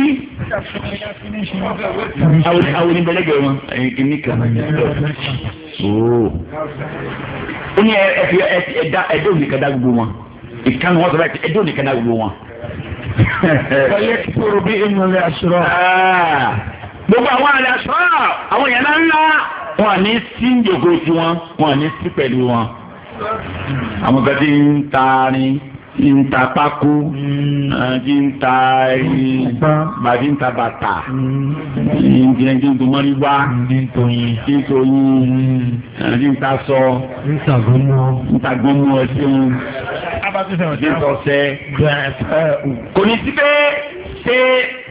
àwọn oníbẹ̀lẹ́gẹ̀ wọn kìíní kan ó ní ẹ̀dọ́ nìkan dá gbogbo wọn ìkànnì wọn sọ báyìí ẹ̀dọ́ nìkan gbogbo wọn. ọ̀yẹ́ kúrò bí inú rẹ̀ aṣọ. Ah. gbogbo àwọn àlẹ́ aṣọ àwọn èèyàn náà ńlá wọn à ní sí ìjòkó tiwọn wọn à ní sí pẹ̀lú wọn. àwọn kan ti ń tí ń ta pákó jinta mm. ah, ń ta bàtí ń ta bàtà jinta ń jinta mọ́rí wá tí ń to yin tí ń mm. ah, ta sọ ń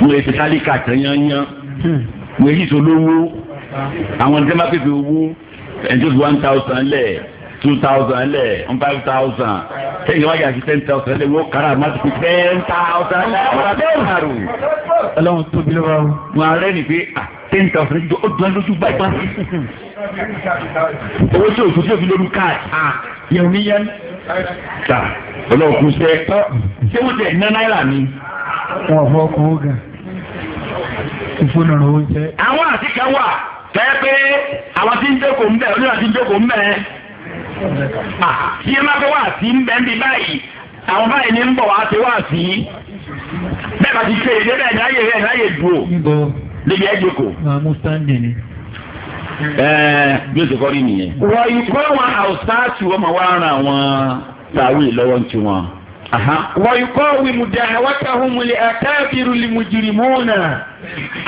wọ́n èsì tálíkà tán yányán hmm. wọ́n èyí sọlọ́wọ́ àwọn tẹ́ bá pèsè owó ẹ̀jọ́ fi one thousand lẹ̀ two thousand lẹ̀ one five thousand tẹ́yìn wáyà sí ten thousand lẹ̀ wọ́n kára má ti ten thousand lẹ̀ wọ́n bẹ́ẹ̀ nàró. ọlọ́run tóbi ló bá wọn. wọn arẹ́ ni pé ah, ten thousand ó dùn lójú báyìí owó tí òfin tí òfin lórí káàdì ah, yẹn ní yẹn ta ọlọ́run kù sẹ́ ṣé wọ́n tẹ̀ ní náírà ni. wọn ò fọ́ ìfúnnà owó iṣẹ́. àwọn àti kan wà fẹ́ pé àwọn tí ń jókòó ń bẹ̀ oníwà tí ń jókòó ń bẹ̀. tí ẹ máa fẹ́ wà sí ń bẹ́ ń bí báyìí àwọn báyìí ní ń bọ̀ wá ti wà sí. bẹ́ẹ̀ bá ti ṣe èdè bẹ́ẹ̀ ní ayé rẹ̀ láyé dúró. níbo níbi ẹ jókòó. màmú sáńdì ni. ẹẹ bí o ti kọ́ rí nìyẹn. wọ́n ikọ́ wọn àwòsàn àti wọn máa wá ran àwọn tàwí lọ́wọ́ ń tiwọn wọ̀yùkọ́ wí mùdáwátà hùmù lè àtàbírù lè mùjìrìmọ́nà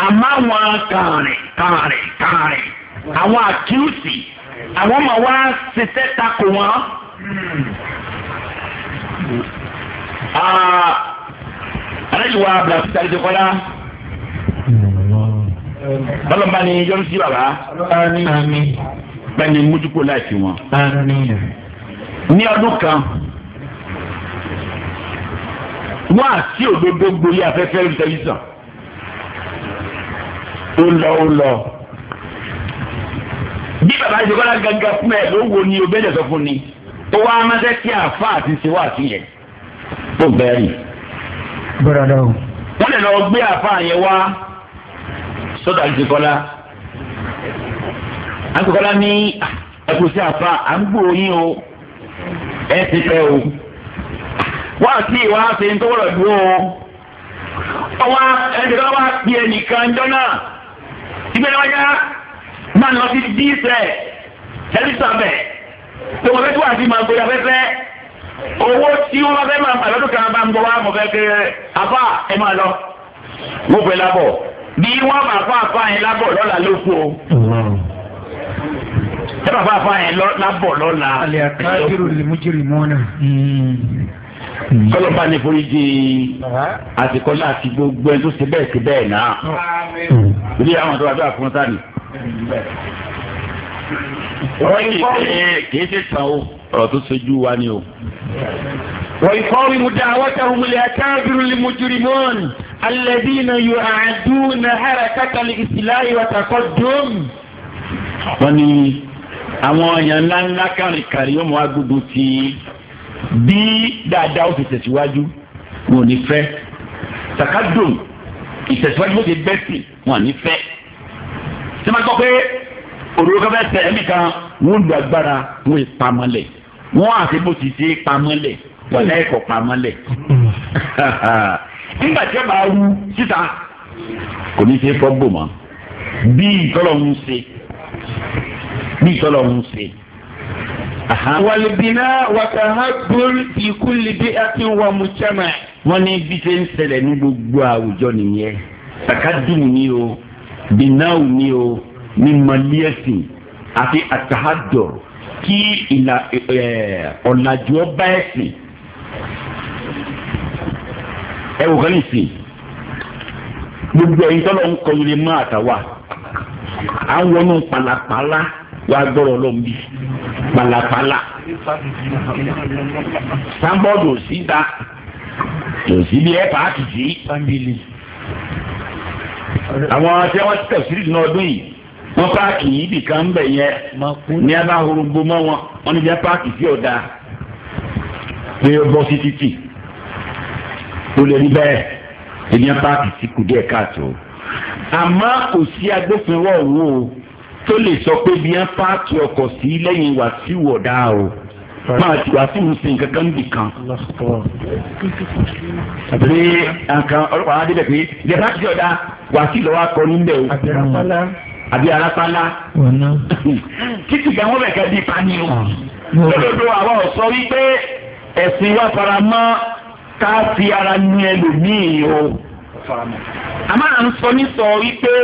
àmọ́ àwọn kààrẹ̀ kààrẹ̀ kààrẹ̀ àwọn àkíyèsí àwọn ọmọ wa ṣiṣẹ́ takò wọn. Ah, aláìwá abdulhasi tàbí kọ́lá bọ́lọ̀mbà ni yọrù sí bàbá bẹ́ẹ̀ ni mójúkó láìsí wọn. ní ọdún kan wá àti òdodo gborí afẹ́fẹ́ tẹlifíṣàn ó lọ ó lọ bí bàbá ṣe kọ́lá gangan fún ẹ ló wo ni o bẹ́ẹ̀ sọ fún ni ó wá amáṣẹ́ kí àfa àti ṣe wá àti yẹn ó bẹ́ẹ̀ rí. bọ́dọ̀dọ̀ o. wọ́n lè lọ gbé àfa yẹn wá sọ́dọ̀ àti kọ́lá àti kọ́lá ní ah, ẹ̀kú sí àfa à ń gbòòyìn o ẹ̀ ti pẹ́ o wá sí ìwà ṣe ń tọwọ́rọ̀ dúró o ọwọ́ ẹnìkan wá pè ẹnìkan jọ náà ìgbẹ́ wáyá máa lọ sí díìsẹ̀ ẹlísàbẹ̀ tó wọ́n fẹ́ tó àti máa gbé afẹ́fẹ́ owó tí wọ́n fẹ́ máa bà lọ́dún kan bá ń bọ̀ wá mọ̀ fẹ́ kéré afá ẹ máa lọ wọ́n fẹ́ lábọ̀ bí wọ́n bá fà fà yẹn lábọ̀ lọ́la ló fò ó ẹ bá fà fà yẹn lábọ̀ lọ́la. alẹ́ àkájúrò lè mú jírí mọ́nà kọlọ́ba hmm. ní foríjì àsìkò láti gbogbo ẹni tó ṣe bẹ́ẹ̀ ṣe bẹ́ẹ̀ náà hmm. ilé àwọn tó wà tó àfọwọ́n sáà ni. wọ́n kìí ṣe tàn o ọ̀rọ̀ tó ṣojú wa ni o. ويقاوم دعوتهم الأكابر المجرمون الذين يعادون حركة الإصلاح وتقدم wọ́n ní àwọn èèyàn ńláńlá kárìkárì yóò mú agbègbè bí dáadáa ó fi tẹ̀síwájú wọn ò ní fẹ́ takadum ìtẹ̀síwájú ó ti bẹ́ sí wọn ò ní fẹ́ ṣé máa gbọ́ pé òróró kan fẹ́ tẹ̀ ẹ̀mí kan wọ́n lu agbára wọ́n ì pamọ́lẹ̀ wọ́n àti bó ti ṣe pamọ́lẹ̀ wọ́n náà ẹ̀kọ́ pamọ́lẹ̀ nígbà tí ẹ bá wú síta kò ní ṣe fọ́ bò mọ́ bí ìtọ́lọ́hún ṣe bí ìtọ́lọ́hún ṣe wàlìbìnà wàtàhàbùn ìkúlìbí àti wàmùjàmà. wọ́n ní bí ṣe ń ṣẹlẹ̀ ní gbogbo àwùjọ nìyẹn takadùn ni o bìnnáwù ni o ní mọ̀lẹ́sìn àti àtàhàdọ̀ kí ìlà ọ̀làjú ọba ẹ̀sìn ẹ wò kán nìsín gbogbo ẹ̀yin tọ́lọ̀ ń kọ́ ilé mọ́ àtàwà àwọn ọ̀nà pàlàpàlà wàá gbọ́rọ̀ lọ bí pàlàpàlà sanbọọdù òsì ta òsì bí ẹ pàákì sí. àwọn tí wọ́n ti tẹ̀síìrì ní ọdún yìí wọ́n páàkì yìí bìkan ń bẹ̀ yẹn ní abáhorongbo mọ́ wọn wọ́n ní jẹ́ páàkì sí ọ̀dà pé ó bọ́ sí títì ó lè rí bẹ́ẹ̀ ènìyàn páàkì sí kùdíẹ̀ káàtó àmọ́ kò sí agbófinró ọ̀hún o tó lè sọ pé bí wọ́n páàkì ọkọ̀ sí lẹ́yìn wàsíù ọ̀dà o máa ti wàsíù sí nǹkan kan bì kan. àbúrò nǹkan ọlọ́pàá wa débẹ̀ pé ìjọba ti ọ̀dà wàsíù lọ́wọ́ akọ nílẹ̀ o àbí arápálá títí gan wọ́n bẹ̀ kẹ́ bí pani o ah. lódodo àwa ò sọ wípé ẹ̀sìn wa fara mọ́ ká fi ara ní ẹlòmíì o àmọ́ à ń sọ ní sọ wípé.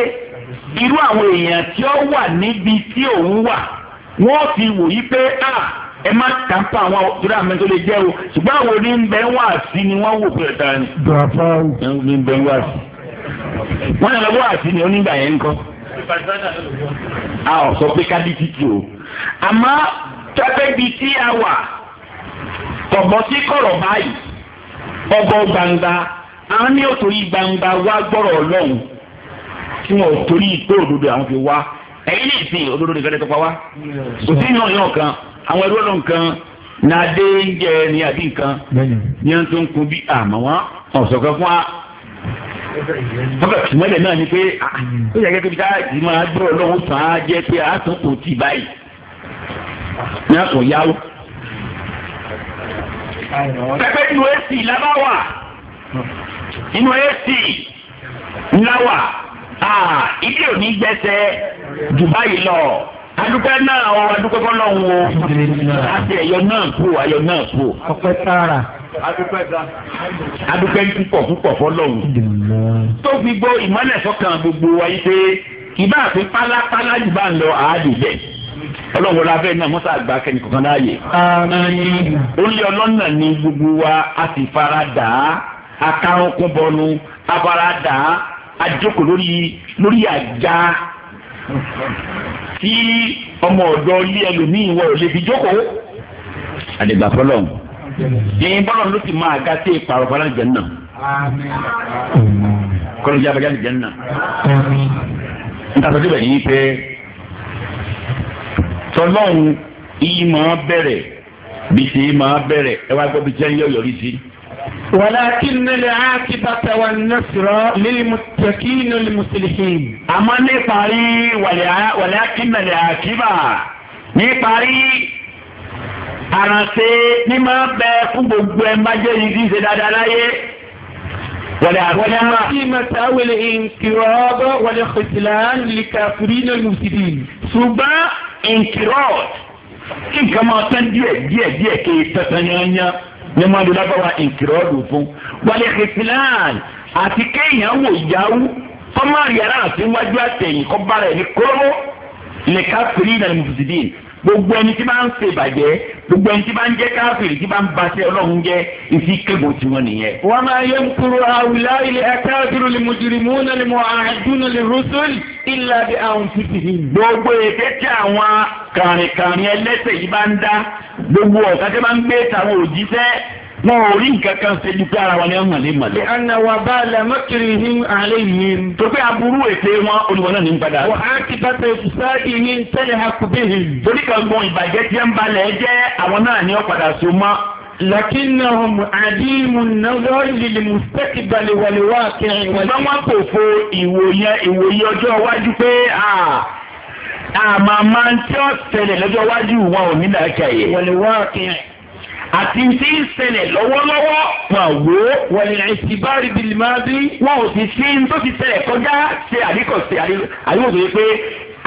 irú àwọn èèyàn tí ó wà níbi tí òun wà wọ́n fi wò yí a ẹ má tàǹpà àwọn torí àmì tó lè jẹ́ o ṣùgbọ́n àwọn oníbẹ̀ ni wọ́n wò pé ẹ̀ta ni. bàbá o oníbẹ̀ wà sí. wọ́n yàn ni onígbà yẹn ń a ò sọ pé kábí títì o àmọ́ tọ́pẹ́ bíi tí a wà ọ̀bọ̀ sí kọ̀rọ̀ báyìí gbangba àwọn ní òtò yìí gbangba wá gbọ́rọ̀ ọlọ́run. tí wọn ò torí pé òdodo àwọn fi wá ẹ̀yin ní ìsìn òdodo nìkan lè tọpa wá kò sí náà yàn kan àwọn ẹrú ọlọ́run kan náà dé ń jẹ ní àbí nǹkan ní wọn tó ń kun bí àmọ́ wọn ọ̀sọ̀kan fún wa bọ́kà tìmọ́lẹ̀ náà ni pé ah, ah, ó yẹ kẹ́kẹ́ bí táà ti máa gbọ́ lọ́wọ́ sàn á jẹ́ pé a tún kò tì báyìí ní àkọ́ yáwó. pẹpẹ inú ac lábá wà inú ac ńlá wà ilé ò ní gbẹ́sẹ̀ jù báyìí lọ adúpẹ́ náà ọ adúpẹ́ kọ́ lọ́hùn o àti ẹ̀yọ náà kú ayọ̀ náà kú. ọpẹ́ tààrà. adúpẹ́ púpọ̀ púpọ̀ fọlọ́hùn. tó fi gbọ́ ìmọ̀lẹ̀ sọ́kàn gbogbo wa yìí pé ìbá àfi pálápálá jù bá ń lọ àádìí bẹ́ẹ̀ ọlọ́run la fẹ́ náà mọ́tà àgbà kẹ́ni kankan láàyè. ó lé ọlọ́nà ní gbogbo wa a sì fara dà á akáwọn kún bọnu afara dà á àjókòó lórí lórí àga tí ọmọ ọ̀dọ́ ilé ẹlòmíín wọ̀ lè fi jókòó. àdìgbà fọlọ ní bọ́lá ló ti máa ga sí ìpàrọ̀ fọlá jẹ́ nà kọ́lọ́jà bàjá jẹ́ nà. nítorí bẹ́ẹ̀ ni pé tọ́lọ́hún ìyí máa bẹ̀rẹ̀ bí ṣe máa bẹ̀rẹ̀ ẹ wá gbọ́ bí jẹ́ ń yọ̀ yọrí sí i. ولكن العاقبة والنصر للمتقين المصلحين أما نقاري ولكن العاقبة نقاري àrànṣe ní máa bẹ fún gbogbo ẹ má jẹ́ yìí ṣe dáadáa láyé. wàlẹ̀ àgbọ̀dá. kí màtá wẹlé nkìrọ́bọ̀ wàlẹ̀ kòtìlán lè kàfùrí ní olùsìdì. ṣùgbọ́n nkìrọ́ kí nǹkan máa tán díẹ̀ díẹ̀ díẹ̀ kéé tán tán yányán ní máa lo lágbára ìkìrọ́ọ̀dù fún wàlẹ̀ kìsìláàn àti kéèyàn wò yáwó ọmọ àyàrá àti wájú àtẹ̀yìn kọ́ bára ẹni kóró lè káfírí ìlànà mùsùlùmí gbogbo ẹni tí máa ń ṣe ìbàjẹ́ gbogbo ẹni tí máa ń jẹ́ káfíìrì tí máa ń baṣẹ́ ọlọ́run jẹ́ ìfi kébo tiwọn nìyẹn. wọ́n máa yẹ kúrò àwùlá ilẹ̀ akáàdúró lè mùjìrìmù náà lè mọ àdúnà lè rọ́sọ́lì ìlà àwọn tuntun. gbogbo ètè tí àwọn kàrìnkàrìn ẹlẹ́sẹ̀ yìí bá ń dá gbogbo ọ̀sá tí wọ́n ń gbé tàwọn òjíṣẹ́ wọn ò rí nǹkan kan ṣe ju pé ara wọn ni wọn hàn lé màlẹ. ana wa ba la makiri hin ale yin. tó pé aburú ète wọn olùwọ́n náà ní ń padà. wà á ti bá tẹ sá ìhìn tẹ́lẹ̀ hakubé hin. torí kan gbọ́n ìbàjẹ́ tí ń balẹ̀ jẹ́ àwọn náà ni wọ́n so mọ́. lakinnahum adimu nazar lili mustaqbal wal waqi'. ṣùgbọ́n wọn kò fo ìwòye ìwòye ọjọ́ àmọ́ máa ń tí ó ṣẹlẹ̀ lọ́jọ́ iwájú wọn ò ní làákẹ́ yẹ. wọ́n lè wá kẹ́hìn. àti tí ń ṣẹlẹ̀ lọ́wọ́lọ́wọ́ wọn wò ó. wọ́n lè ṣì bá rí bìlì máa bí. wọn ò sì sí ní tó ti ṣẹlẹ̀ kọjá ṣe àríkọ̀ṣe àríwòsàn yìí pé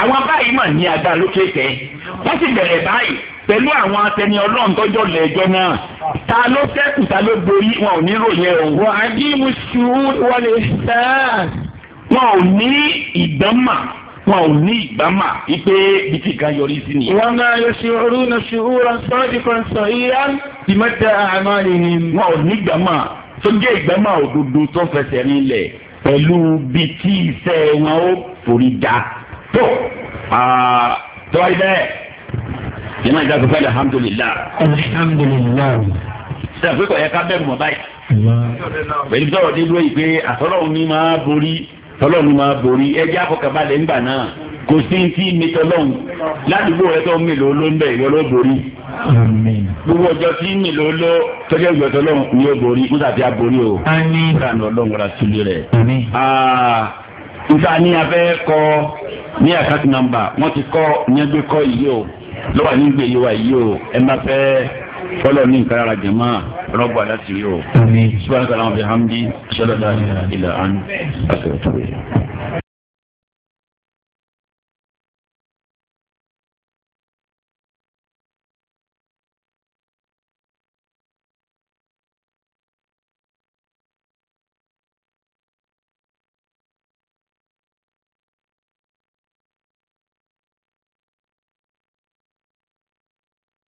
àwọn báyìí mà ní agbára lókè tẹ wọ́n sì bẹ̀rẹ̀ báyìí pẹ̀lú àwọn atẹni ọlọ́run tọ́jọ́ lẹ́jọ́ náà ta ló fẹ́kù ta ló borí wọn ò ní ròyìn o. wọ́n á bí mu ṣùú wọlé sáà. wọn ò ní ìdánmà wọn ò ní ìgbámà wípé bìtì kan yọrí sí ni. wọn náà yóò ṣe orú na ṣe òwúrọ̀ sọ́ọ́dì kan sọ ìyá ìmọ̀tẹ́ àmọ́ ìhìn. wọn ò ní ìgbámà tó jẹ́ ìgbámà òdodo tó fẹsẹ̀ rinlẹ̀ pẹ̀lú bìtì iṣẹ́ wọn ó forí da. tó tọ́ ibẹ̀ yẹn náà ìdájọ́ fẹ́lẹ̀ alhamdulilayi. alhamdulilayi. sẹ́yìn pé kò yẹ ká bẹ́ẹ̀ mọ̀ báyìí. pẹ̀lú sọ̀rọ̀ dé dúró yìí pé àtọ́lọ́run ní máa borí tọ́lọ́run máa borí ẹjẹ́ àfọkàbalẹ̀ ńgbà náà kò sí ti mi tọ́lọ́run ládùúgbò rẹ tó ń mi lòó ló ń bẹ̀ ìwọ ló borí. gbogbo ọjọ́ tí mi lòó ló tọ́jú ìgbà tọ́lọ́run ni ó borí nígbà tí a borí o. àmín. ìlànà ọlọ́run ra sílé rẹ̀. nta ni a fẹ́ kọ ní àkáàtì nàmbà wọ́n ti kọ́ ìyẹn gbé kọ́ yìí o lọ́wọ́ ní gbèyẹ̀wá yìí o ẹ má fẹ́ fọ́lọ́ ní nǹkan رب العالمين سبحانك اللهم وبحمدك اشهد ان لا اله الا انت استغفرك